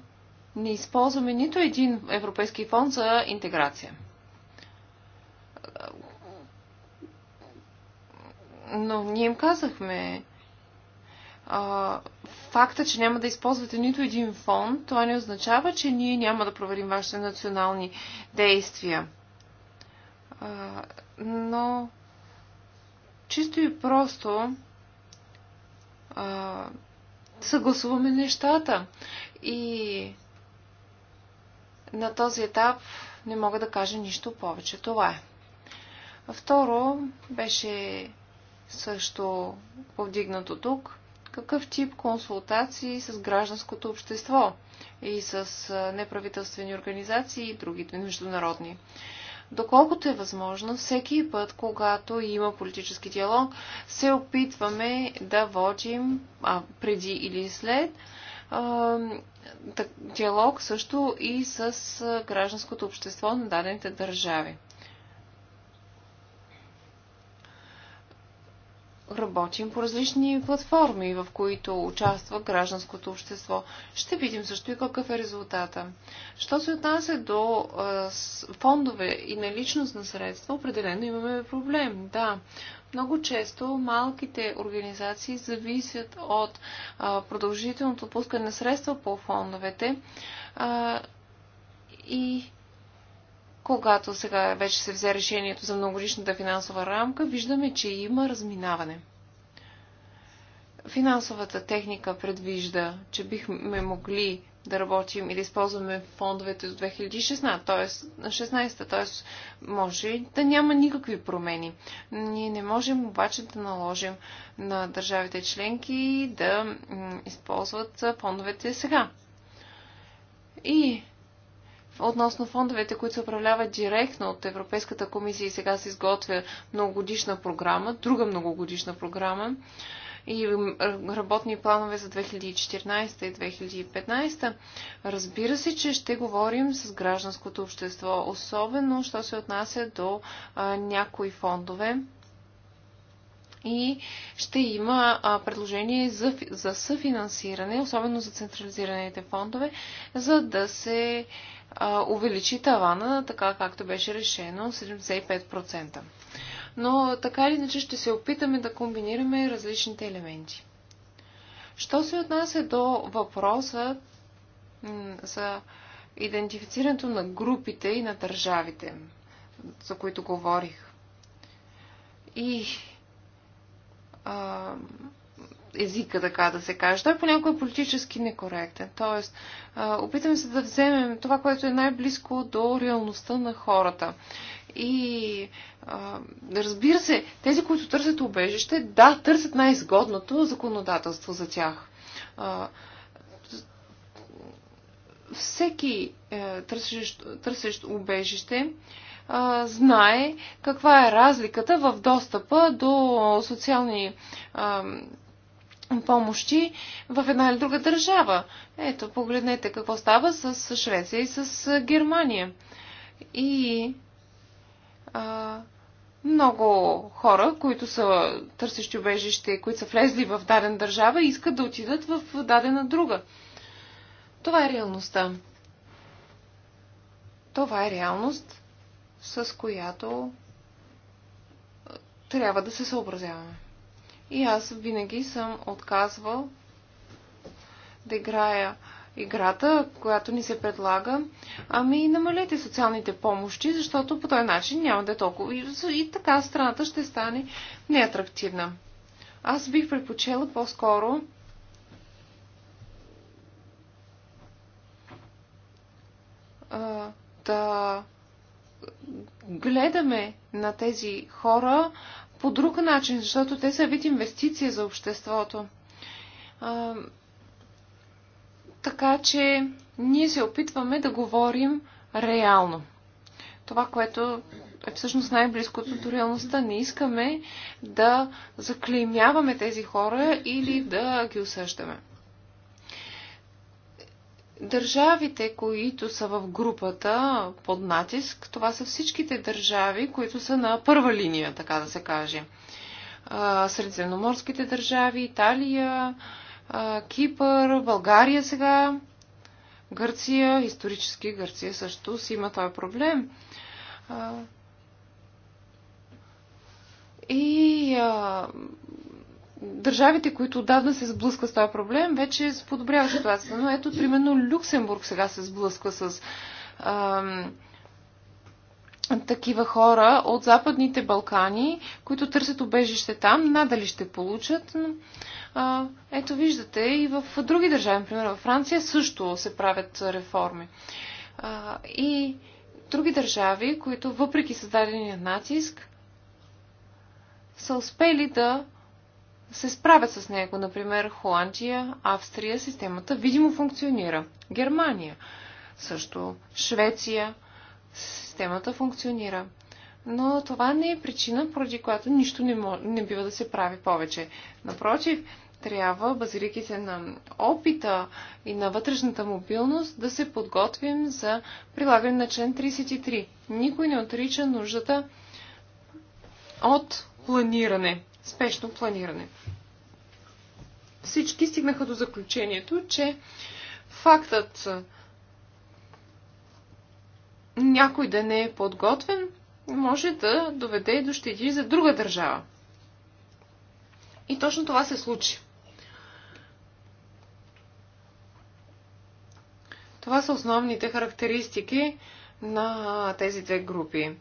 не използваме нито един европейски фонд за интеграция. но ние им казахме, а, факта, че няма да използвате нито един фон, това не означава, че ние няма да проверим вашите национални действия. А, но чисто и просто а, съгласуваме нещата. И на този етап не мога да кажа нищо повече. Това е. Второ, беше също повдигнато тук. Какъв тип консултации с гражданското общество и с неправителствени организации и другите международни? Доколкото е възможно, всеки път, когато има политически диалог, се опитваме да водим а, преди или след а, диалог също и с гражданското общество на дадените държави. работим по различни платформи, в които участва гражданското общество. Ще видим също и какъв е резултата. Що се отнася до фондове и наличност на средства, определено имаме проблем. Да, много често малките организации зависят от продължителното пускане на средства по фондовете и когато сега вече се взе решението за многогодишната финансова рамка, виждаме, че има разминаване. Финансовата техника предвижда, че бихме могли да работим и да използваме фондовете до 2016, т.е. на 16, т.е. може да няма никакви промени. Ние не можем обаче да наложим на държавите членки да използват фондовете сега. И относно фондовете, които се управляват директно от Европейската комисия и сега се изготвя многогодишна програма, друга многогодишна програма и работни планове за 2014 и 2015. Разбира се, че ще говорим с гражданското общество, особено що се отнася до а, някои фондове, и ще има предложение за, за съфинансиране, особено за централизираните фондове, за да се увеличи тавана, така както беше решено, 75%. Но така или иначе ще се опитаме да комбинираме различните елементи. Що се отнася до въпроса за идентифицирането на групите и на държавите, за които говорих. И а, езика, така да се каже. Той понякога е политически некоректен. Тоест, а, опитаме се да вземем това, което е най-близко до реалността на хората. И а, разбира се, тези, които търсят убежище, да, търсят най-изгодното законодателство за тях. А, всеки е, търсещ, търсещ убежище знае каква е разликата в достъпа до социални помощи в една или друга държава. Ето, погледнете какво става с Швеция и с Германия. И а, много хора, които са търсещи убежище, които са влезли в даден държава, искат да отидат в дадена друга. Това е реалността. Това е реалност, с която трябва да се съобразяваме. И аз винаги съм отказвал да играя играта, която ни се предлага, ами намалете социалните помощи, защото по този начин няма да е толкова. И, и така страната ще стане неатрактивна. Аз бих предпочела по-скоро да гледаме на тези хора по друг начин, защото те са вид инвестиция за обществото. А, така че ние се опитваме да говорим реално. Това, което е всъщност най-близкото до реалността. Не искаме да заклеймяваме тези хора или да ги осъждаме. Държавите, които са в групата под натиск, това са всичките държави, които са на първа линия, така да се каже. Средиземноморските държави, Италия, Кипър, България сега, Гърция, исторически Гърция също си има този проблем. И държавите, които отдавна се сблъскват с този проблем, вече се подобрява ситуацията. Но ето, примерно, Люксембург сега се сблъсква с ам, такива хора от Западните Балкани, които търсят убежище там, надали ще получат. Но, а, ето, виждате, и в други държави, например, във Франция също се правят реформи. А, и други държави, които въпреки създадения натиск, са успели да се справят с него. Например, Холандия, Австрия, системата видимо функционира. Германия също. Швеция, системата функционира. Но това не е причина, поради която нищо не, може, не бива да се прави повече. Напротив, трябва, базирайки се на опита и на вътрешната мобилност, да се подготвим за прилагане на член 33. Никой не отрича нуждата от планиране, спешно планиране всички стигнаха до заключението, че фактът някой да не е подготвен може да доведе и до щети за друга държава. И точно това се случи. Това са основните характеристики на тези две групи.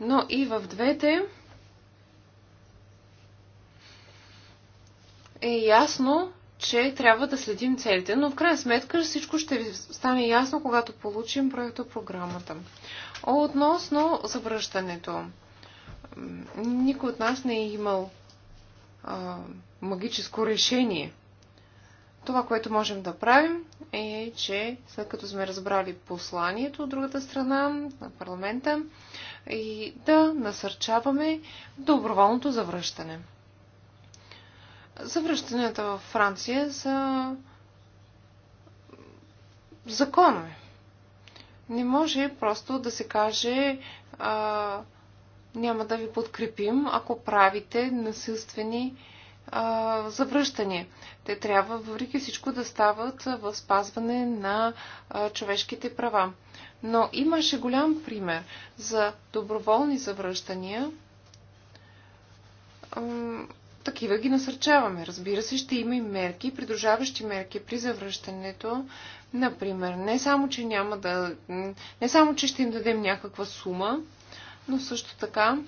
Но и в двете е ясно, че трябва да следим целите, но в крайна сметка всичко ще ви стане ясно, когато получим проекто програмата. Относно завръщането. Никой от нас не е имал а, магическо решение. Това, което можем да правим е, че след като сме разбрали посланието от другата страна на парламента и да насърчаваме доброволното завръщане завръщанията във Франция са законови. Не може просто да се каже а, няма да ви подкрепим, ако правите насилствени завръщания. Те трябва, въпреки всичко, да стават в спазване на а, човешките права. Но имаше голям пример за доброволни завръщания такива ги насърчаваме. Разбира се, ще има и мерки, придружаващи мерки при завръщането. Например, не само, че няма да... Не само, че ще им дадем някаква сума, но също така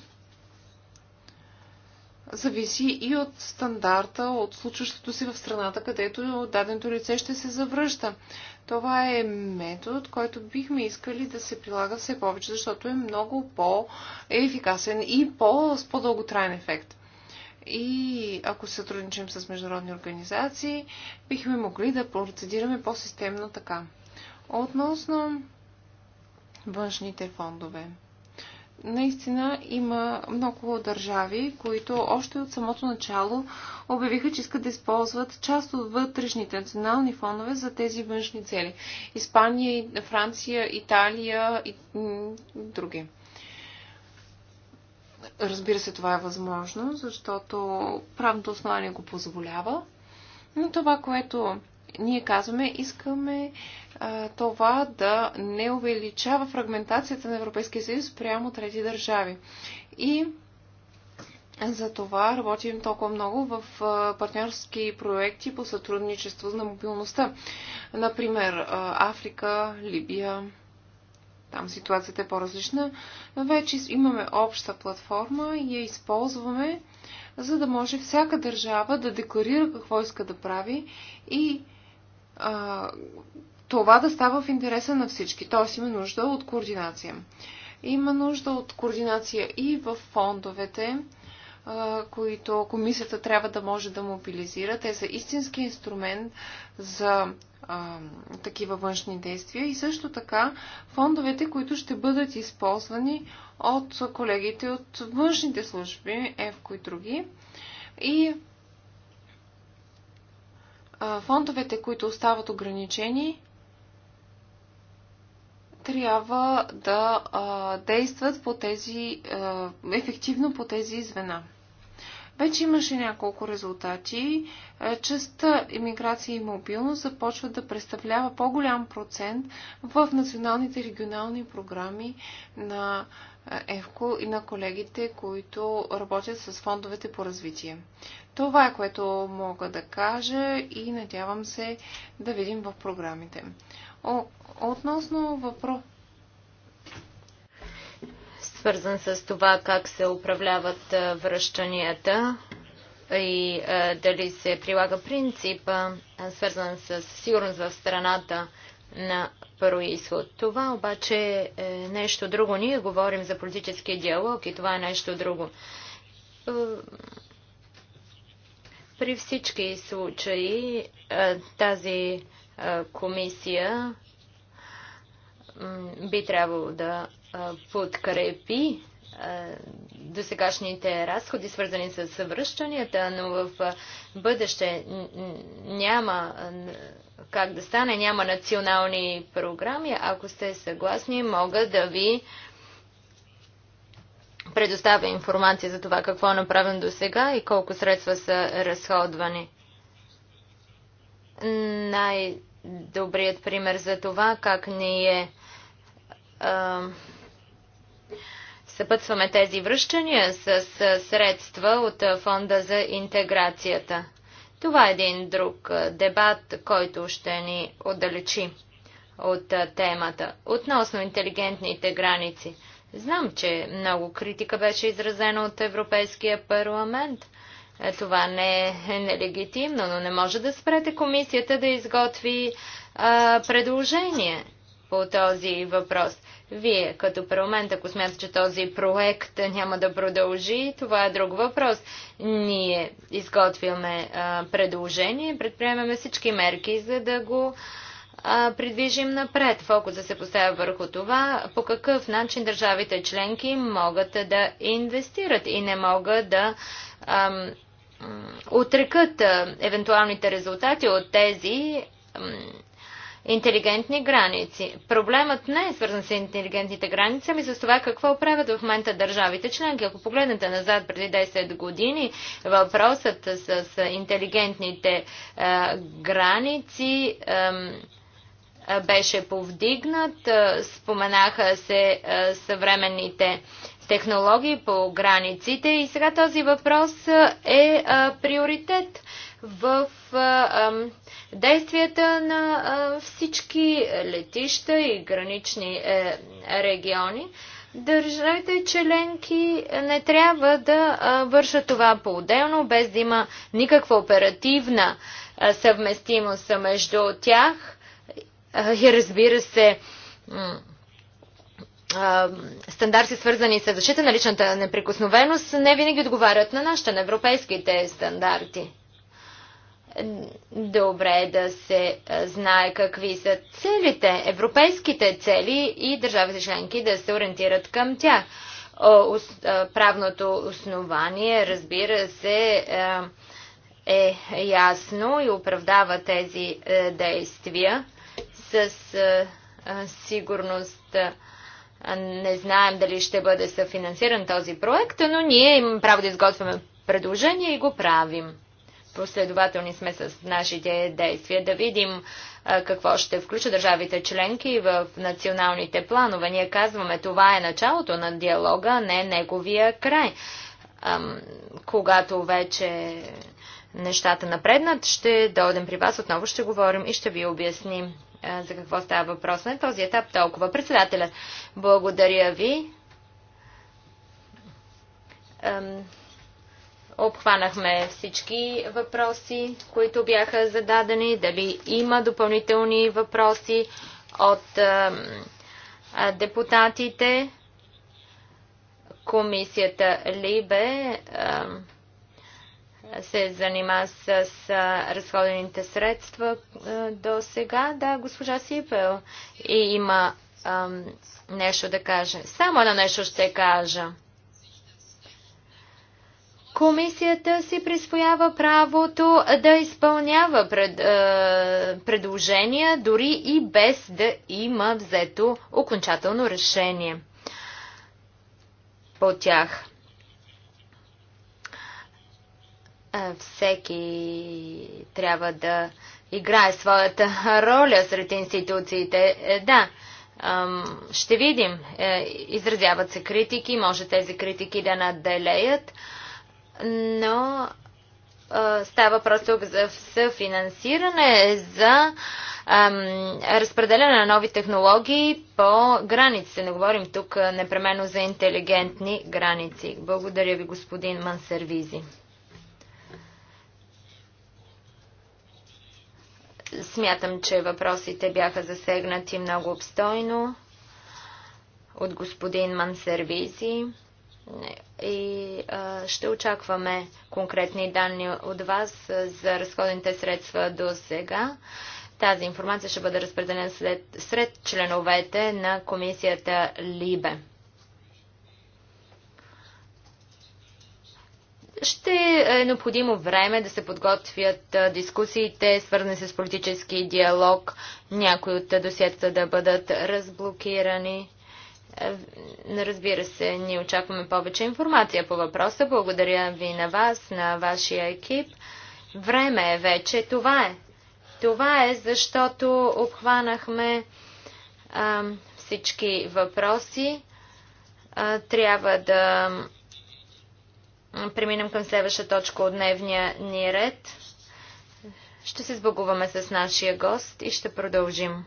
зависи и от стандарта, от случващото си в страната, където даденото лице ще се завръща. Това е метод, който бихме искали да се прилага все повече, защото е много по-ефикасен и по-с по-дълготраен ефект и ако сътрудничим с международни организации, бихме могли да процедираме по-системно така. Относно външните фондове. Наистина има много държави, които още от самото начало обявиха, че искат да използват част от вътрешните национални фондове за тези външни цели. Испания, Франция, Италия и други. Разбира се, това е възможно, защото правното основание го позволява. Но това, което ние казваме, искаме а, това да не увеличава фрагментацията на Европейския съюз прямо трети държави. И за това работим толкова много в партньорски проекти по сътрудничество на мобилността. Например, Африка, Либия, там ситуацията е по-различна. Вече имаме обща платформа и я използваме, за да може всяка държава да декларира какво иска да прави и а, това да става в интереса на всички. Тоест има нужда от координация. Има нужда от координация и в фондовете, които комисията трябва да може да мобилизира. Те са истински инструмент за а, такива външни действия и също така фондовете, които ще бъдат използвани от колегите от външните служби, ЕВКО и други. И а, фондовете, които остават ограничени, трябва да а, действат по тези, а, ефективно по тези звена. Вече имаше няколко резултати. Е, частта иммиграция и мобилност започва да представлява по-голям процент в националните регионални програми на е, ЕВКО и на колегите, които работят с фондовете по развитие. Това е което мога да кажа и надявам се да видим в програмите. Относно въпрос. Свързан с това как се управляват връщанията и дали се прилага принцип, свързан с сигурност в страната на происход. Това обаче е нещо друго. Ние говорим за политически диалог и това е нещо друго. При всички случаи тази комисия би трябвало да подкрепи досегашните разходи, свързани с връщанията, но в бъдеще няма как да стане, няма национални програми. Ако сте съгласни, мога да ви предоставя информация за това какво е направено до сега и колко средства са разходвани. Най-добрият пример за това как ние е съпътстваме тези връщания с средства от Фонда за интеграцията. Това е един друг дебат, който ще ни отдалечи от темата. Относно интелигентните граници. Знам, че много критика беше изразена от Европейския парламент. Е, това не е, е нелегитимно, но не може да спрете комисията да изготви а, предложение по този въпрос. Вие като парламент, ако смятате, че този проект няма да продължи, това е друг въпрос. Ние изготвяме а, предложение, предприемаме всички мерки, за да го придвижим напред. Фокуса се поставя върху това, по какъв начин държавите членки могат да инвестират и не могат да ам, отрекат евентуалните резултати от тези ам, интелигентни граници. Проблемът не е свързан с интелигентните граници, ами с това какво правят в момента държавите членки. Ако погледнете назад преди 10 години, въпросът с интелигентните е, граници е, беше повдигнат. Е, споменаха се е, съвременните технологии по границите и сега този въпрос е а, е, приоритет в а, действията на всички летища и гранични е, региони. Държавите членки не трябва да вършат това по-отделно, без да има никаква оперативна съвместимост между тях и разбира се стандарти, свързани с защита на личната неприкосновеност, не винаги отговарят на нашите, на европейските стандарти добре е да се е, знае какви са целите, европейските цели и държавите членки да се ориентират към тях. Е, правното основание, разбира се, е, е ясно и оправдава тези действия. С сигурност не знаем дали ще бъде съфинансиран този проект, но ние имаме право да изготвяме предложение и го правим последователни сме с нашите действия. Да видим какво ще включа държавите членки в националните планове. Ние казваме, това е началото на диалога, не неговия край. Когато вече нещата напреднат, ще дойдем при вас, отново ще говорим и ще ви обясним за какво става въпрос. На този етап толкова. Председателя, благодаря ви. Обхванахме всички въпроси, които бяха зададени. Дали има допълнителни въпроси от депутатите? Комисията Либе се занима с, разходените средства до сега. Да, госпожа Сипел и има нещо да каже. Само на нещо ще кажа. Комисията си присвоява правото да изпълнява пред, е, предложения, дори и без да има взето окончателно решение по тях. Е, всеки трябва да играе своята роля сред институциите. Е, да, ще видим. Е, изразяват се критики, може тези критики да надделеят но става просто за съфинансиране за ам, разпределяне на нови технологии по границите. Не говорим тук непременно за интелигентни граници. Благодаря ви, господин Мансервизи. Смятам, че въпросите бяха засегнати много обстойно от господин Мансервизи и а, ще очакваме конкретни данни от вас за разходните средства до сега. Тази информация ще бъде разпределена след, сред членовете на комисията ЛИБЕ. Ще е необходимо време да се подготвят дискусиите, свързани с политически диалог, някои от досиетата да бъдат разблокирани е, разбира се, ние очакваме повече информация по въпроса. Благодаря ви на вас, на вашия екип. Време е вече. Това е. Това е, защото обхванахме а, всички въпроси. А, трябва да преминем към следваща точка от дневния ни ред. Ще се сбогуваме с нашия гост и ще продължим.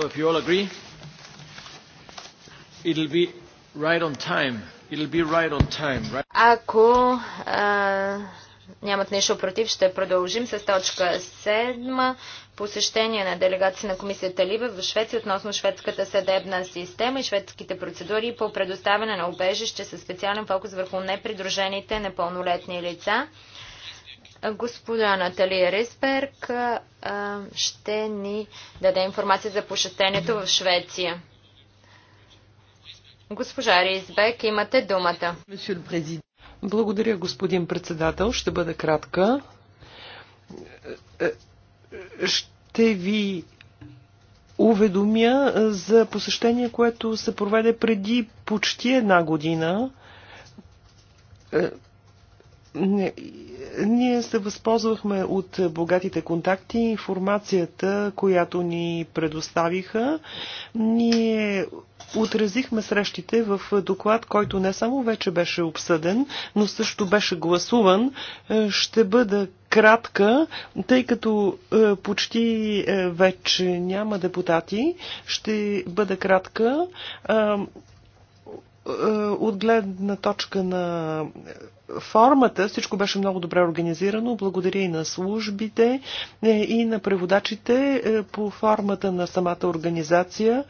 So if you all agree, it'll be right on time. It'll be right on time, right? Ако а, нямат нещо против, ще продължим с точка 7. Посещение на делегация на комисията Либе в Швеция относно шведската съдебна система и шведските процедури по предоставяне на убежище със специален фокус върху непридружените непълнолетни лица. Господа Наталия Ресберг ще ни даде информация за посещението в Швеция. Госпожа Рисбек, имате думата. Благодаря, господин председател. Ще бъда кратка. Ще ви уведомя за посещение, което се проведе преди почти една година не, ние се възползвахме от богатите контакти, информацията, която ни предоставиха. Ние отразихме срещите в доклад, който не само вече беше обсъден, но също беше гласуван. Ще бъда кратка, тъй като е, почти е, вече няма депутати. Ще бъда кратка е, от гледна точка на формата, всичко беше много добре организирано. Благодаря и на службите, е, и на преводачите е, по формата на самата организация.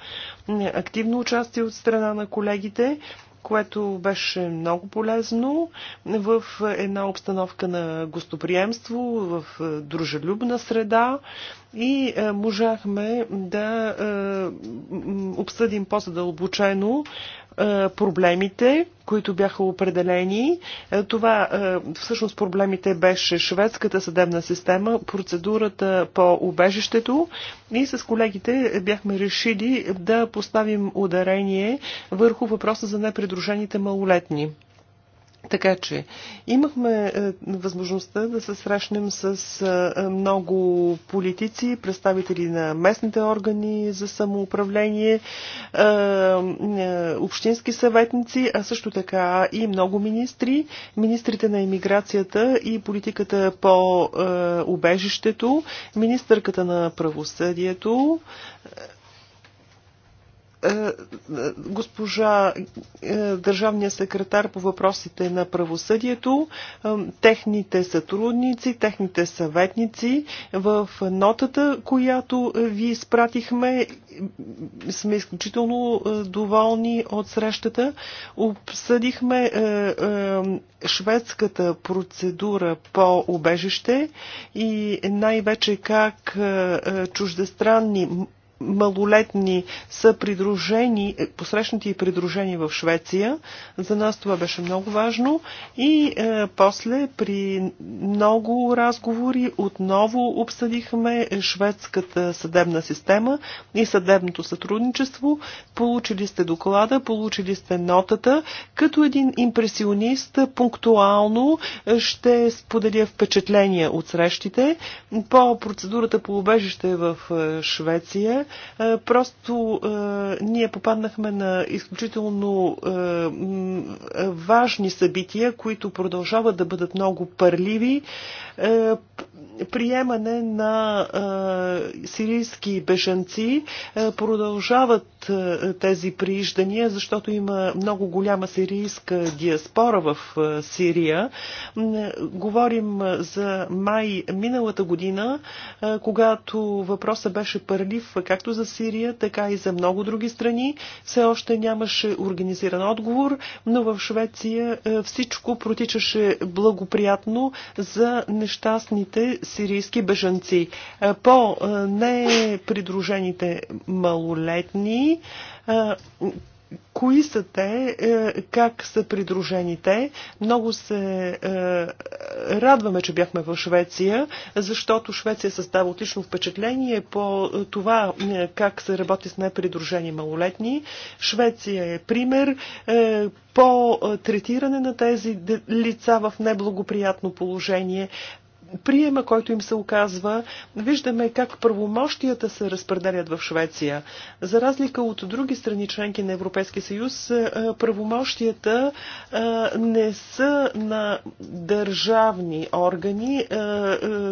Е, активно участие от страна на колегите което беше много полезно в една обстановка на гостоприемство, в дружелюбна среда и можахме да обсъдим по-задълбочено е, проблемите, които бяха определени. Е, това е, всъщност проблемите беше шведската съдебна система, процедурата по убежището и с колегите бяхме решили да поставим ударение върху въпроса за непридружените малолетни. Така че имахме е, възможността да се срещнем с е, е много политици, представители на местните органи за самоуправление, е, е, общински съветници, а също така и много министри, министрите на иммиграцията и политиката по е, убежището, министърката на правосъдието, е, е, госпожа е, държавния секретар по въпросите на правосъдието, техните сътрудници, техните съветници. В нотата, която ви изпратихме, сме изключително доволни от срещата. Обсъдихме шведската процедура по обежище и най-вече как чуждестранни малолетни са придружени, е, посрещнати и придружени в Швеция. За нас това беше много важно. И е, после при много разговори отново обсъдихме шведската съдебна система и съдебното сътрудничество. Получили сте доклада, получили сте нотата. Като един импресионист пунктуално е, ще споделя впечатления от срещите по процедурата по убежище в е, Швеция е, просто е, ние попаднахме на изключително е, важни събития, които продължават да бъдат много парливи. Приемане на сирийски бежанци продължават тези прииждания, защото има много голяма сирийска диаспора в Сирия. Говорим за май миналата година, когато въпросът беше парлив. как както за Сирия, така и за много други страни. Все още нямаше организиран отговор, но в Швеция е, всичко протичаше благоприятно за нещастните сирийски бежанци. Е, по е, непридружените малолетни кои са те, е, как са придружени те. Много се е, радваме, че бяхме в Швеция, защото Швеция създава отлично впечатление по това е, как се работи с непридружени малолетни. Швеция е пример по третиране на тези лица в неблагоприятно положение, приема, който им се оказва, виждаме как правомощията се разпределят в Швеция. За разлика от други страни членки на Европейския съюз, е, е, правомощията е, не са на държавни органи,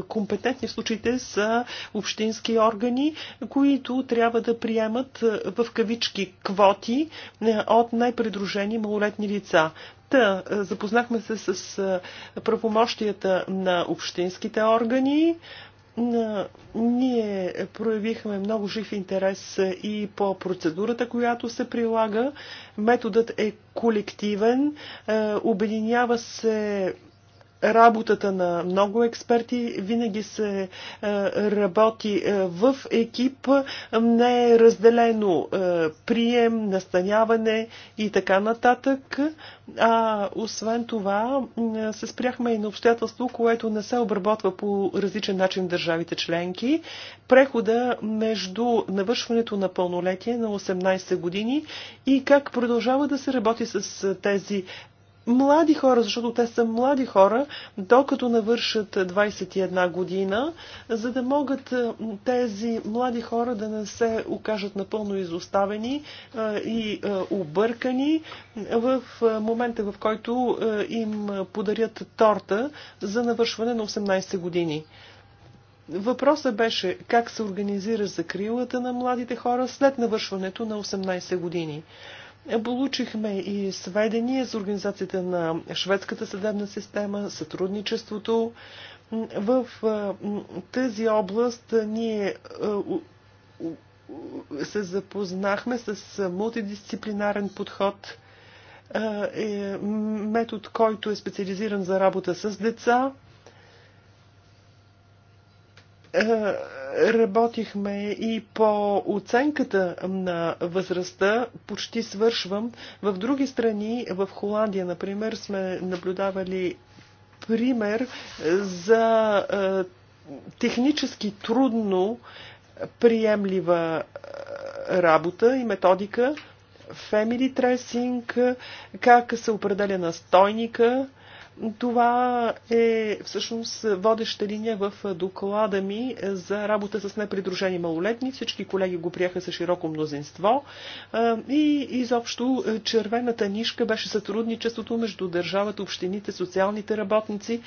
компетентни в случаите са общински органи, които трябва да приемат в кавички квоти от най-придружени малолетни лица. Та, е, запознахме се с е, правомощията на общинските органи. Е, ние проявихме много жив интерес и по процедурата, която се прилага. Методът е колективен, обединява се работата на много експерти. Винаги се е, работи е, в екип. Не е разделено е, прием, настаняване и така нататък. А освен това, се спряхме и на обстоятелство, което не се обработва по различен начин в държавите членки. Прехода между навършването на пълнолетие на 18 години и как продължава да се работи с тези млади хора, защото те са млади хора, докато навършат 21 година, за да могат е, тези млади хора да не се окажат напълно изоставени е, и е, объркани в момента, в който им подарят торта за навършване на 18 години. Въпросът беше как се организира закрилата на младите хора след навършването на 18 години. Получихме и сведения с организацията на шведската съдебна система, сътрудничеството. В тази област ние се запознахме с мултидисциплинарен подход, е, метод, който е специализиран за работа с деца е, работихме и по оценката на възрастта. Почти свършвам. В други страни, в Холандия, например, сме наблюдавали пример за е, технически трудно приемлива е, работа и методика, family tracing, как се определя настойника, това е всъщност водеща линия в доклада ми за работа с непридружени малолетни. Всички колеги го приеха с широко мнозинство. И изобщо червената нишка беше сътрудничеството между държавата, общините, социалните работници,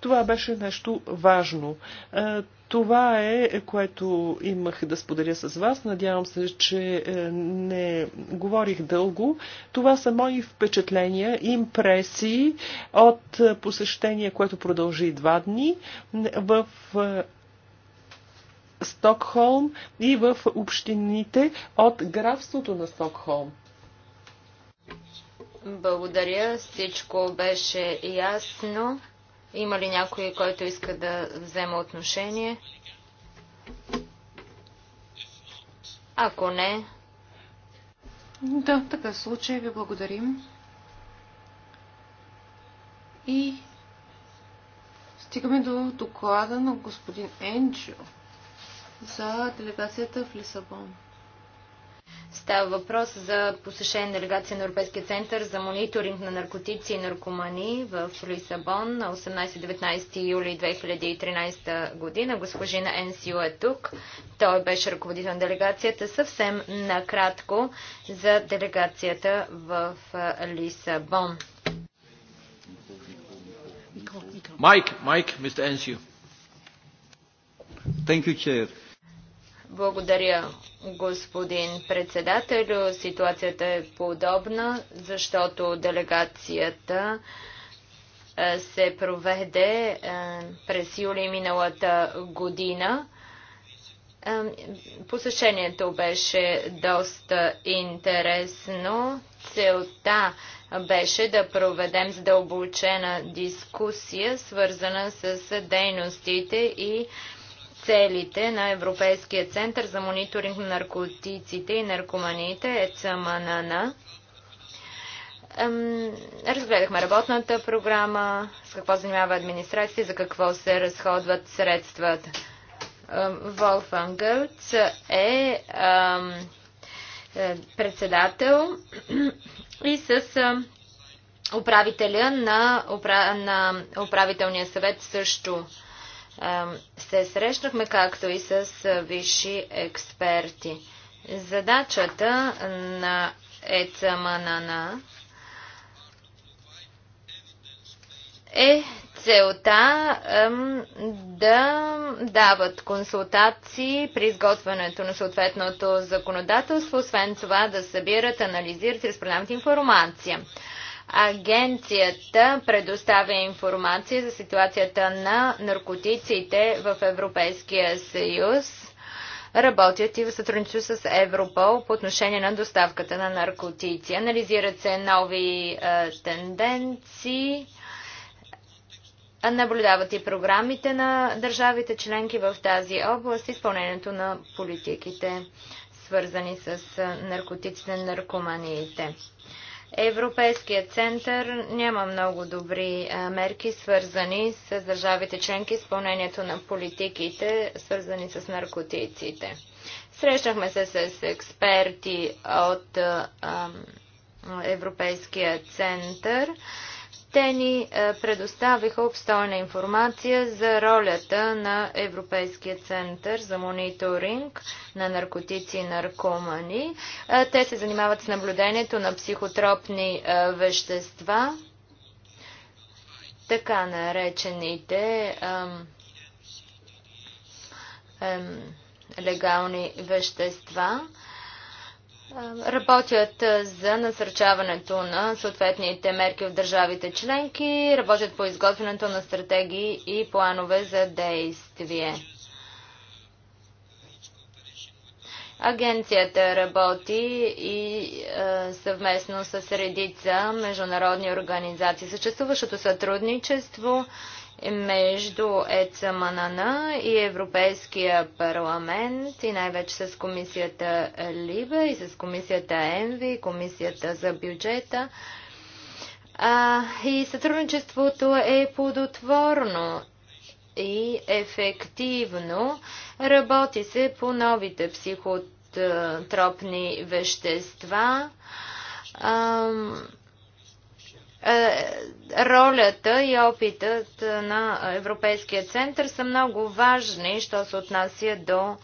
това беше нещо важно. Е, това е, което имах да споделя с вас. Надявам се, че е, не говорих дълго. Това са мои впечатления, импресии от посещение, което продължи два дни в е, Стокхолм и в общините от графството на Стокхолм. Благодаря, всичко беше ясно. Има ли някой, който иска да взема отношение? Ако не. Да, в такъв случай ви благодарим. И стигаме до доклада на господин Енджо за делегацията в Лисабон. Става въпрос за посещение делегация на Европейския център за мониторинг на наркотици и наркомани в Лисабон на 18-19 юли 2013 година. Госпожина Енсио е тук. Той беше ръководител на делегацията. Съвсем накратко за делегацията в Лисабон. Майк, Майк, мистер Енсио. Thank you, Chair. Благодаря, господин председател. Ситуацията е подобна, защото делегацията е, се проведе е, през юли миналата година. Е, посещението беше доста интересно. Целта беше да проведем задълбочена дискусия, свързана с дейностите и целите на Европейския център за мониторинг на наркотиците и наркоманиите ЕЦМНН. Разгледахме работната програма, с какво занимава администрация, за какво се разходват средствата. Волфан Гълц е, е председател и с управителя на управителния съвет също се срещнахме както и с висши експерти. Задачата на ЕЦМНН е целта да дават консултации при изготвянето на съответното законодателство, освен това да събират, анализират и разпределяват информация. Агенцията предоставя информация за ситуацията на наркотиците в Европейския съюз. Работят и в сътрудничество с Европол по отношение на доставката на наркотици. Анализират се нови е, тенденции. Наблюдават и програмите на държавите членки в тази област, изпълнението на политиките, свързани с наркотиците, наркоманиите. Европейският център няма много добри мерки, свързани с държавите членки, изпълнението на политиките, свързани с наркотиците. Срещнахме се с експерти от Европейския център те ни е, предоставиха обстойна информация за ролята на Европейския център за мониторинг на наркотици и наркомани. Е, те се занимават с наблюдението на психотропни е, вещества, така наречените легални вещества работят за насърчаването на съответните мерки в държавите членки, работят по изготвянето на стратегии и планове за действие. Агенцията работи и е, съвместно с редица международни организации. Съществуващото сътрудничество е, между ЕЦМНН и Европейския парламент и най-вече с комисията ЛИБА и с комисията ЕНВИ и комисията за бюджета. А, и сътрудничеството е плодотворно и ефективно. Работи се по новите психотропни вещества. Ам е, ролята и опитът на Европейския център са много важни, що се отнася до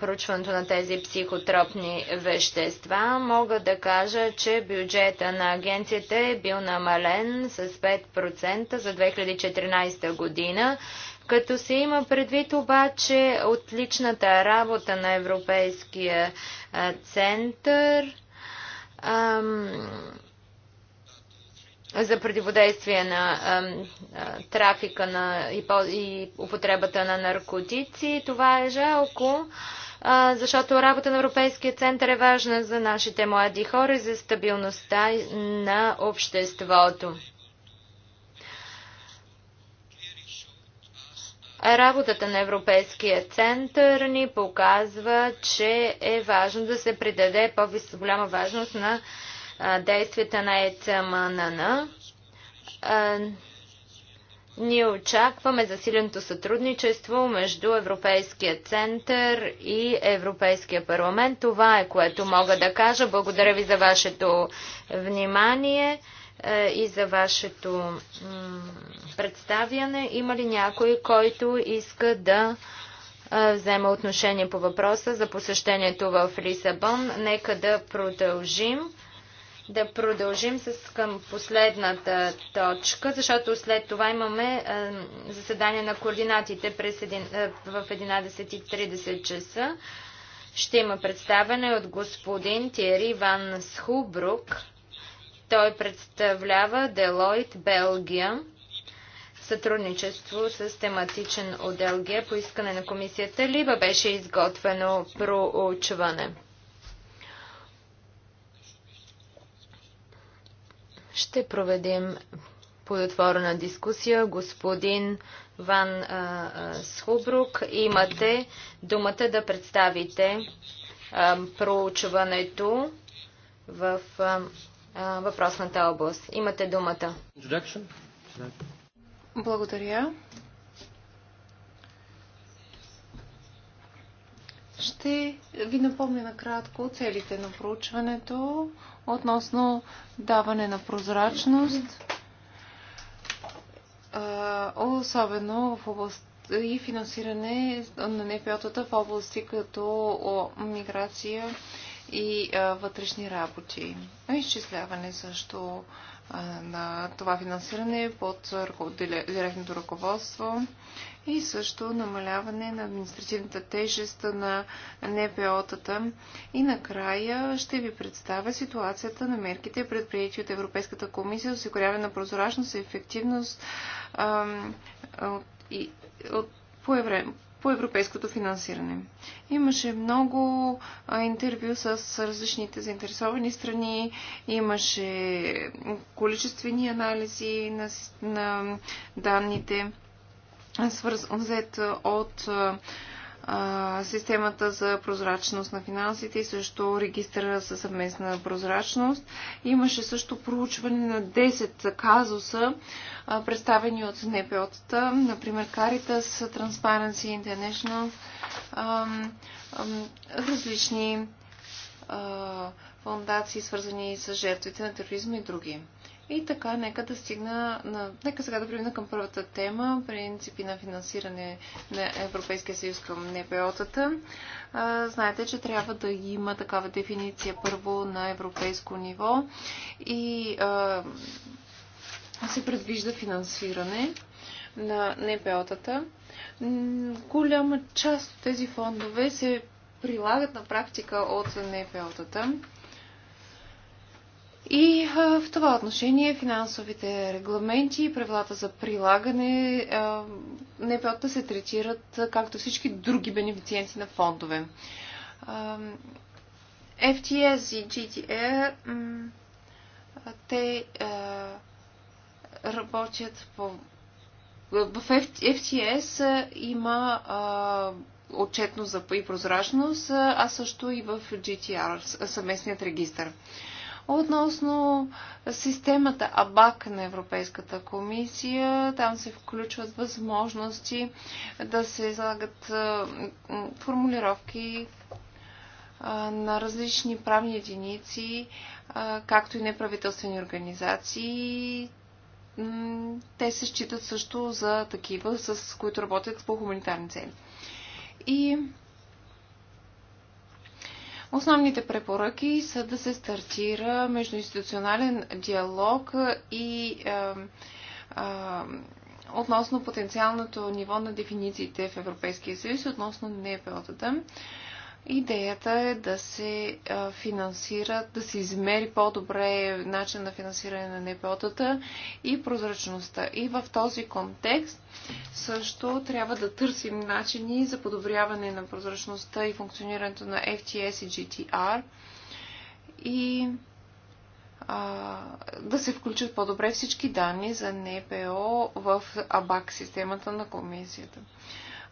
проучването на тези психотропни вещества. Мога да кажа, че бюджета на агенцията е бил намален с 5% за 2014 година, като се има предвид обаче отличната работа на Европейския център. Ам за противодействие на а, а, трафика на, и, по, и употребата на наркотици. Това е жалко, а, защото работа на Европейския център е важна за нашите млади хора и за стабилността на обществото. Работата на Европейския център ни показва, че е важно да се придаде по-голяма важност на действията на ЕЦМНН. Ние очакваме засиленото сътрудничество между Европейския център и Европейския парламент. Това е което мога да кажа. Благодаря ви за вашето внимание е, и за вашето представяне. Има ли някой, който иска да е, взема отношение по въпроса за посещението в Лисабон? Нека да продължим да продължим с към последната точка, защото след това имаме е, заседание на координатите е, в 11.30 часа. Ще има представяне от господин Тиери Ван Схубрук. Той представлява Делойт Белгия сътрудничество с тематичен отдел е по искане на комисията Либа беше изготвено проучване. Ще проведем подотворена дискусия. Господин Ван Схубрук, имате думата да представите проучването в въпросната област. Имате думата. Благодаря. Ще ви напомня накратко целите на проучването относно даване на прозрачност, особено в област и финансиране на НПО-тата в области като миграция и вътрешни работи. Изчисляване също на това финансиране под директното ръководство и също намаляване на административната тежест на НПО-тата. И накрая ще ви представя ситуацията на мерките, предприяти от Европейската комисия, осигуряване на прозрачност и ефективност ам, от, и, от, по, евре, по европейското финансиране. Имаше много а, интервю с различните заинтересовани страни, имаше количествени анализи на, на данните свърз, взет от системата за прозрачност на финансите и също регистъра за съвместна прозрачност. Имаше също проучване на 10 казуса, представени от НПО-тата, например Caritas, Transparency International, различни фондации, свързани с жертвите на тероризма и други. И така, нека да стигна на... Нека сега да премина към първата тема принципи на финансиране на Европейския съюз към НПО-тата. Знаете, че трябва да има такава дефиниция първо на европейско ниво и а, се предвижда финансиране на НПО-тата. Голяма част от тези фондове се прилагат на практика от НПО-тата. И в това отношение финансовите регламенти и правилата за прилагане нпо да се третират както всички други бенефициенти на фондове. FTS и GTR те работят по... В FTS има отчетност и прозрачност, а също и в GTR, съместният регистр. Относно системата АБАК на Европейската комисия, там се включват възможности да се излагат формулировки на различни правни единици, както и неправителствени организации. Те се считат също за такива, с които работят по хуманитарни цели. И Основните препоръки са да се стартира междуинституционален диалог и а, а, относно потенциалното ниво на дефинициите в Европейския съюз, относно НПО-тата. Е Идеята е да се финансира, да се измери по-добре начин на финансиране на НПО-тата и прозрачността. И в този контекст също трябва да търсим начини за подобряване на прозрачността и функционирането на FTS и GTR и а, да се включат по-добре всички данни за НПО в АБАК системата на комисията.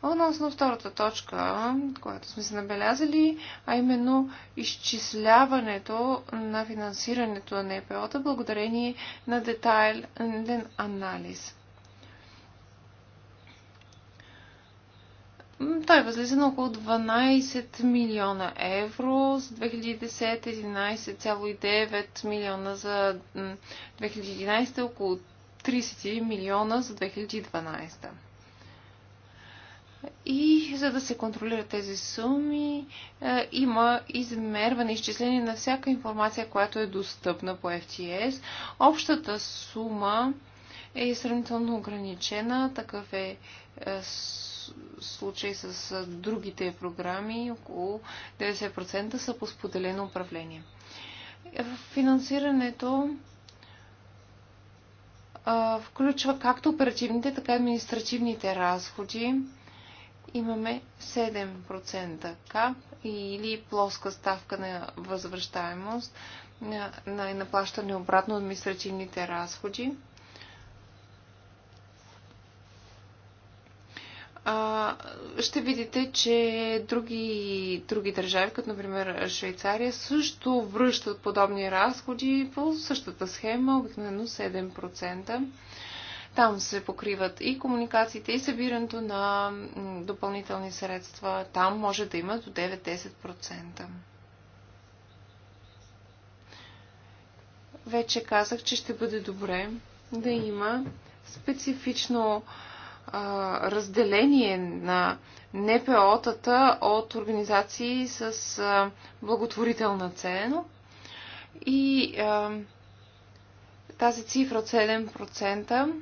Относно втората точка, която сме се набелязали, а именно изчисляването на финансирането на НПО-та благодарение на детайлен анализ. Той възлиза на около 12 милиона евро за 2010, 11,9 милиона за 2011, около 30 милиона за 2012. И за да се контролират тези суми, е, има измерване, изчисление на всяка информация, която е достъпна по FTS. Общата сума е сравнително ограничена. Такъв е, е случай с другите програми. Около 90% са по споделено управление. Финансирането е, включва както оперативните, така и административните разходи имаме 7% кап или плоска ставка на възвръщаемост на наплащане обратно административните разходи. ще видите, че други, други държави, като например Швейцария, също връщат подобни разходи по същата схема, обикновено 7%. Там се покриват и комуникациите, и събирането на допълнителни средства. Там може да има до 9-10%. Вече казах, че ще бъде добре да има специфично а, разделение на НПО-тата от организации с а, благотворителна цена. И а, тази цифра от 7%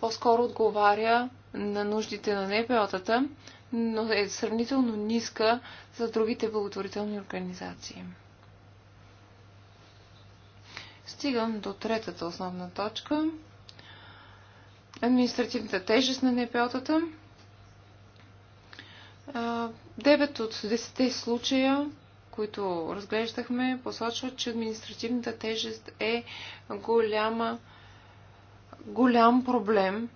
по-скоро отговаря на нуждите на НПО-тата, но е сравнително ниска за другите благотворителни организации. Стигам до третата основна точка. Административната тежест на НПО-тата. Девет от 10 случая, които разглеждахме, посочват, че административната тежест е голяма голям проблем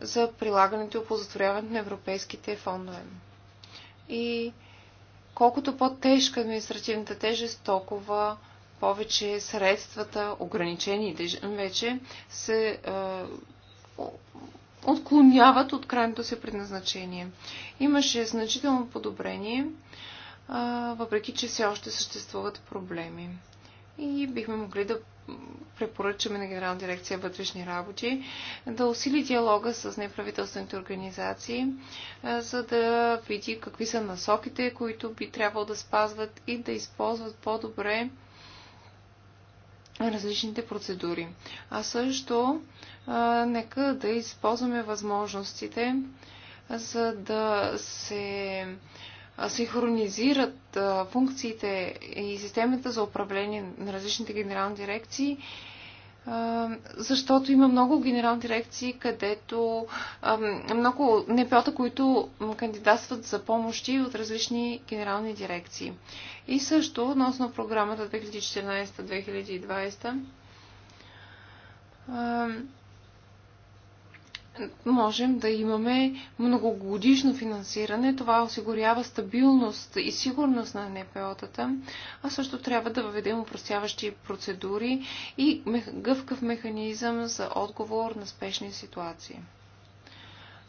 за прилагането и оползотворяването на европейските фондове. И колкото по-тежка административната тежест, толкова повече средствата, ограничени вече, се е, отклоняват от крайното си предназначение. Имаше значително подобрение, е, въпреки че все още съществуват проблеми. И бихме могли да препоръчаме на Генерална дирекция вътрешни работи да усили диалога с неправителствените организации, за да види какви са насоките, които би трябвало да спазват и да използват по-добре различните процедури. А също нека да използваме възможностите, за да се синхронизират функциите и системата за управление на различните генерални дирекции, защото има много генерални дирекции, където много непиота, които кандидатстват за помощи от различни генерални дирекции. И също, относно програмата 2014-2020, можем да имаме многогодишно финансиране. Това осигурява стабилност и сигурност на НПО-тата, а също трябва да въведем упростяващи процедури и гъвкав механизъм за отговор на спешни ситуации.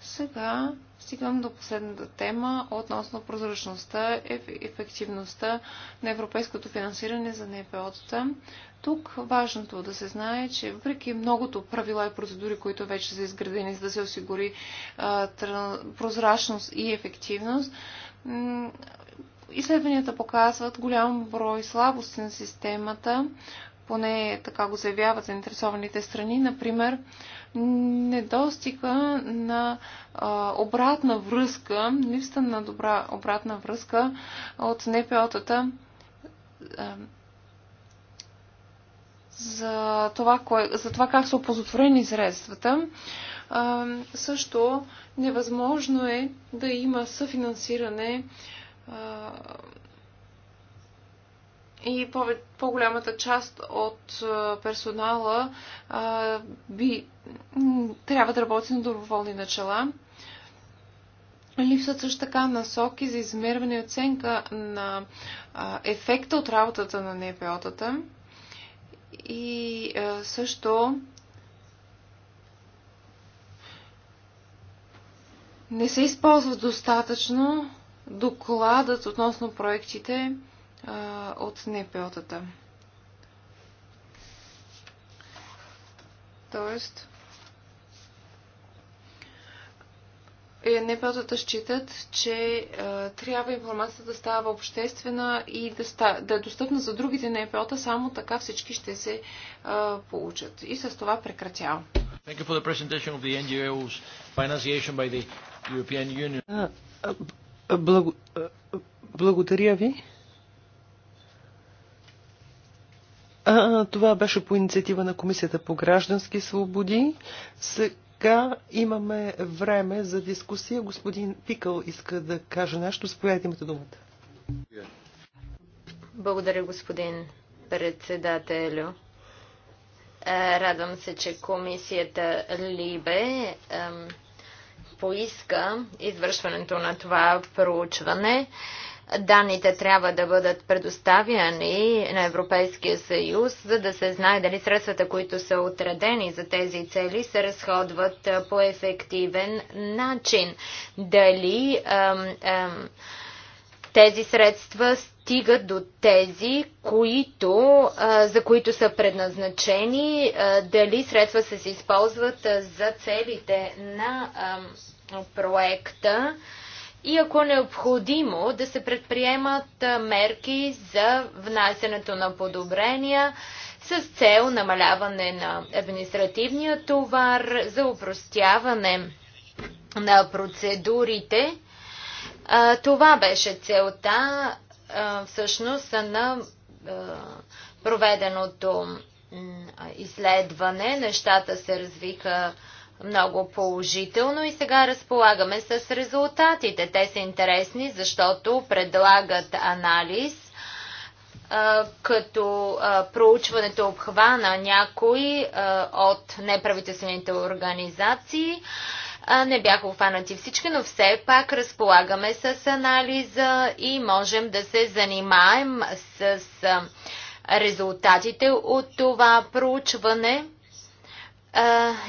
Сега стигам до последната тема относно прозрачността и еф ефективността на европейското финансиране за НПО-тата. Тук важното е да се знае, че въпреки многото правила и процедури, които вече са изградени, за да се осигури а, прозрачност и ефективност, изследванията показват голям брой слабости на системата, поне така го заявяват заинтересованите страни, например, недостига на а, обратна връзка, липса на добра обратна връзка от НПО-тата за това, за това как са опозотворени средствата. А, също невъзможно е да има съфинансиране а, и по-голямата част от персонала а, би, трябва да работи на доброволни начала. Липсват също така насоки за измерване и оценка на а, ефекта от работата на НПО-тата и а, също не се използва достатъчно докладът относно проектите, а, от НПО-тата. Тоест, е, НПО-тата считат, че а, трябва информацията да става обществена и да, ста, да е достъпна за другите НПО-та, само така всички ще се а, получат. И с това прекратявам. Thank you for the presentation of the NGOs financiation by the European Union. Uh, uh, Благо... Благодаря ви. Това беше по инициатива на Комисията по граждански свободи. Сега имаме време за дискусия. Господин Пикъл иска да каже нещо. Заповядайте имате думата. Благодаря, господин председателю. Е, радвам се, че комисията Либе поиска извършването на това проучване. Данните трябва да бъдат предоставяни на Европейския съюз, за да се знае дали средствата, които са отредени за тези цели, се разходват по ефективен начин. Дали ам, ам, тези средства стигат до тези, които, за които са предназначени, дали средства се използват за целите на проекта и ако е необходимо да се предприемат мерки за внасянето на подобрения с цел намаляване на административния товар, за упростяване на процедурите. Това беше целта всъщност на проведеното изследване. Нещата се развиха много положително и сега разполагаме с резултатите. Те са интересни, защото предлагат анализ, като проучването обхвана някои от неправителствените организации. Не бяха обхванати всички, но все пак разполагаме с анализа и можем да се занимаем с резултатите от това проучване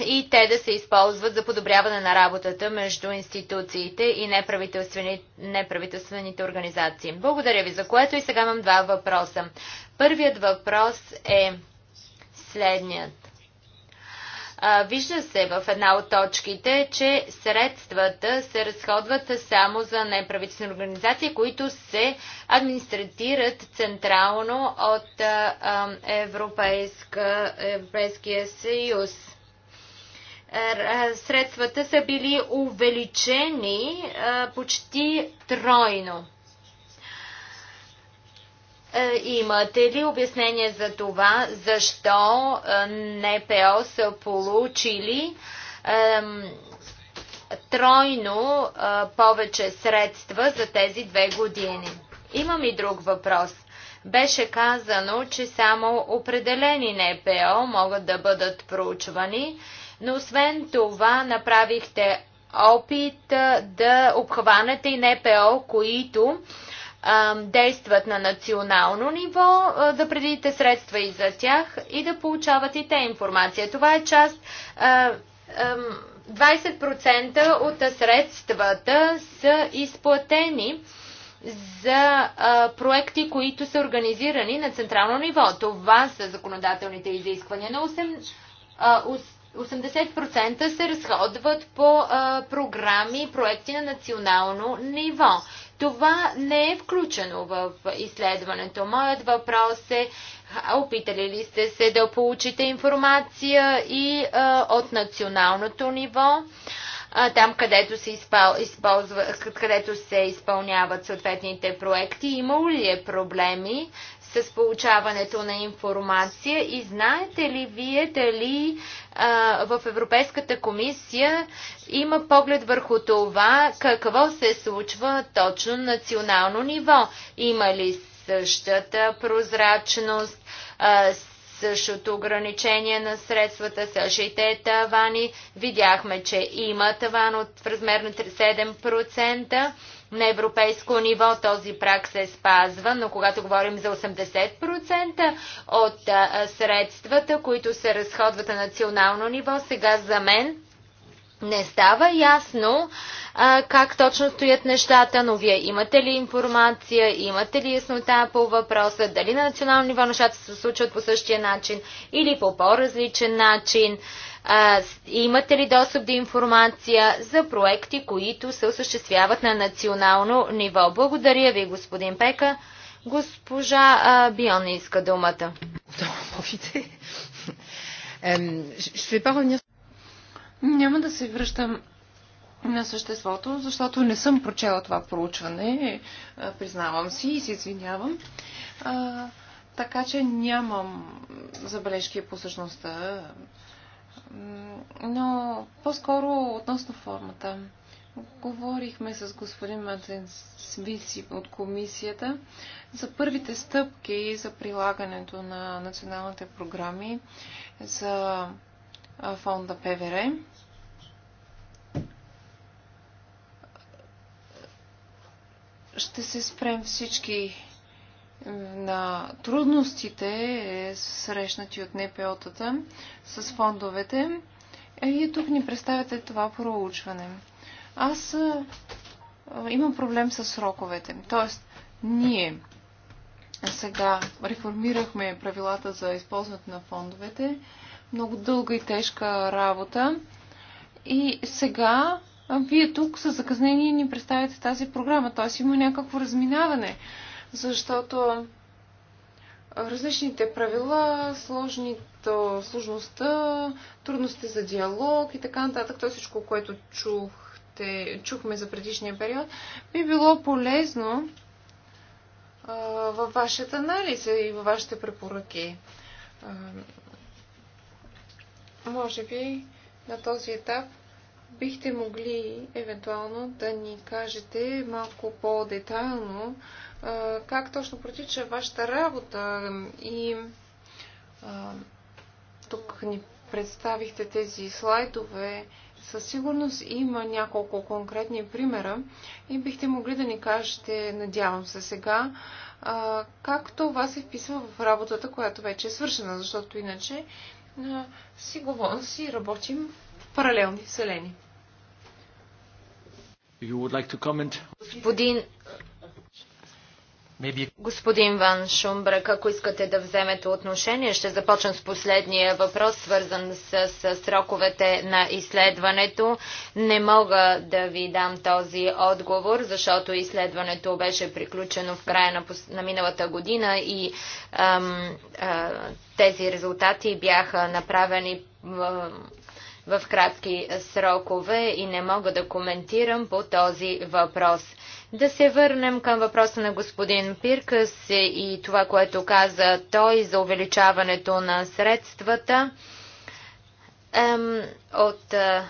и те да се използват за подобряване на работата между институциите и неправителствени, неправителствените организации. Благодаря ви за което и сега имам два въпроса. Първият въпрос е следният. Вижда се в една от точките, че средствата се разходват само за неправителствени организации, които се администратират централно от Европейска, Европейския съюз средствата са били увеличени почти тройно. Е, имате ли обяснение за това, защо НПО са получили тройно повече средства за тези две години? Имам и друг въпрос. Беше казано, че само определени НПО могат да бъдат проучвани. Но освен това направихте опит да обхванете и НПО, които а, действат на национално ниво, а, да предвидите средства и за тях и да получават и те информация. Това е част. А, 20% от средствата са изплатени за а, проекти, които са организирани на централно ниво. Това са законодателните изисквания. на 8, 80% се разходват по а, програми и проекти на национално ниво. Това не е включено в изследването. Моят въпрос е, опитали ли сте се да получите информация и а, от националното ниво, а, там където се, изпъл, използва, където се изпълняват съответните проекти, имало ли е проблеми с получаването на информация и знаете ли вие дали а, в Европейската комисия има поглед върху това какво се случва точно на национално ниво? Има ли същата прозрачност, а, същото ограничение на средствата, същите тавани? Видяхме, че има таван от размер на 7%. На европейско ниво този прак се спазва, но когато говорим за 80% от средствата, които се разходват на национално ниво, сега за мен не става ясно а, как точно стоят нещата, но вие имате ли информация, имате ли яснота по въпроса, дали на национално ниво нещата се случват по същия начин или по по-различен начин. А, имате ли достъп до информация за проекти, които се осъществяват на национално ниво? Благодаря ви, господин Пека. Госпожа а, Бион иска думата. Няма да се връщам на съществото, защото не съм прочела това проучване, е, признавам си и се извинявам. А, така че нямам забележки по същността но по-скоро относно формата. Говорихме с господин Матен Свици от комисията за първите стъпки за прилагането на националните програми за фонда ПВР. Ще се спрем всички на трудностите, е срещнати от НПО-тата с фондовете. Е, и тук ни представяте това проучване. Аз имам проблем с сроковете. Тоест, ние сега реформирахме правилата за използването на фондовете. Много дълга и тежка работа. И сега вие тук с закъснение ни представяте тази програма. Т.е. има някакво разминаване защото различните правила, сложните, сложността, трудности за диалог и така нататък, то е всичко, което чухте, чухме за предишния период, би било полезно във вашият анализ и във вашите препоръки. може би на този етап бихте могли евентуално да ни кажете малко по-детайлно как точно протича вашата работа и тук ни представихте тези слайдове. Със сигурност има няколко конкретни примера и бихте могли да ни кажете, надявам се сега, как това се вписва в работата, която вече е свършена, защото иначе си говорим, си работим в паралелни вселени. Господин Господин Ван Шумбрак, ако искате да вземете отношение, ще започна с последния въпрос, свързан с, с сроковете на изследването. Не мога да ви дам този отговор, защото изследването беше приключено в края на, на миналата година и ам, а, тези резултати бяха направени. В, в кратки срокове и не мога да коментирам по този въпрос. Да се върнем към въпроса на господин Пиркъс и това, което каза той за увеличаването на средствата от е,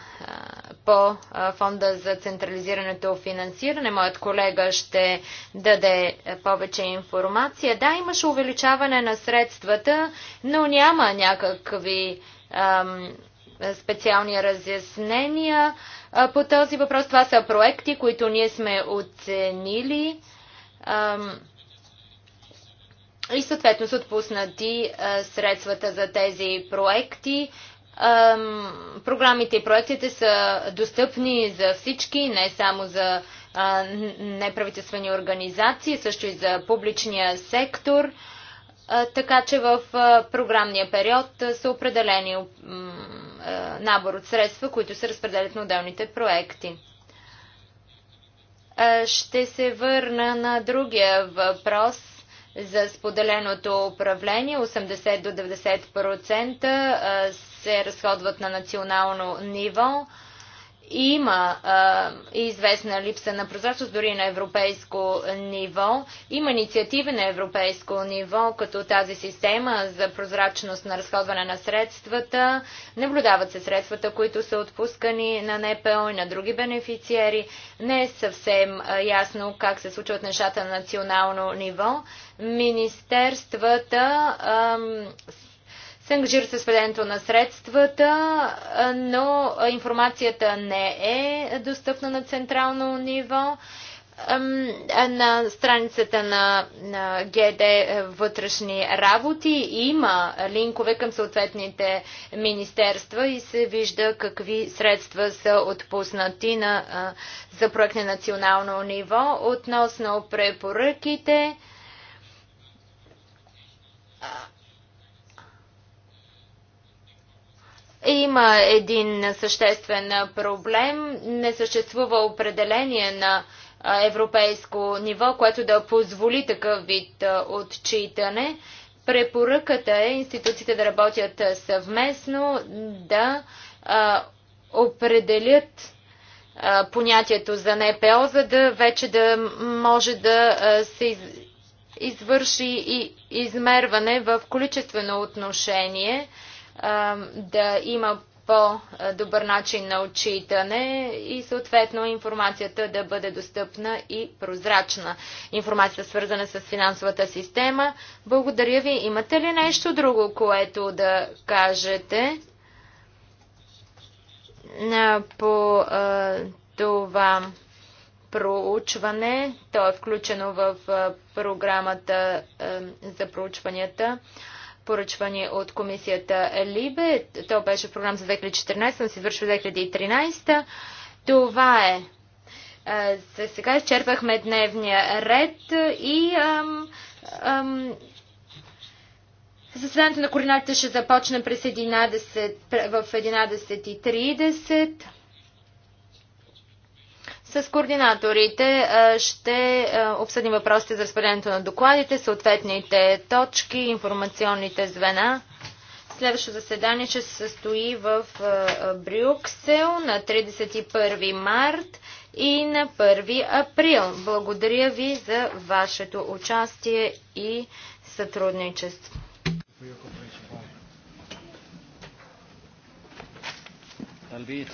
по е, фонда за централизирането финансиране. Моят колега ще даде е, повече информация. Да, имаше увеличаване на средствата, но няма някакви специални разяснения по този въпрос. Това са проекти, които ние сме оценили и съответно са отпуснати средствата за тези проекти. Програмите и проектите са достъпни за всички, не само за неправителствени организации, също и за публичния сектор. Така че в програмния период са определени е, набор от средства, които се разпределят на отделните проекти. Е, ще се върна на другия въпрос за споделеното управление. 80 до 90% е, се разходват на национално ниво има а, известна липса на прозрачност дори на европейско ниво. Има инициативи на европейско ниво, като тази система за прозрачност на разходване на средствата. Наблюдават се средствата, които са отпускани на НПО и на други бенефициери. Не е съвсем а, ясно как се случват нещата на национално ниво. Министерствата а, се ангажират с разпределението на средствата, но информацията не е достъпна на централно ниво. На страницата на, на ГД вътрешни работи има линкове към съответните министерства и се вижда какви средства са отпуснати на, за проект на национално ниво. Относно препоръките, Има един съществен проблем. Не съществува определение на европейско ниво, което да позволи такъв вид отчитане. Препоръката е институциите да работят съвместно, да а, определят а, понятието за НПО, за да вече да може да а, се из, извърши и измерване в количествено отношение да има по-добър начин на отчитане и съответно информацията да бъде достъпна и прозрачна. Информацията свързана с финансовата система. Благодаря ви. Имате ли нещо друго, което да кажете по това проучване? То е включено в програмата за проучванията поръчвани от комисията Либе. То беше програм програма за 2014, но се извършва 2013. Това е. За сега изчерпахме дневния ред и ам, ам, заседанието на координатите ще започне през 11, в 11.30. С координаторите ще обсъдим въпросите за разпределението на докладите, съответните точки, информационните звена. Следващото заседание ще се състои в Брюксел на 31 март и на 1 април. Благодаря ви за вашето участие и сътрудничество. Albeit.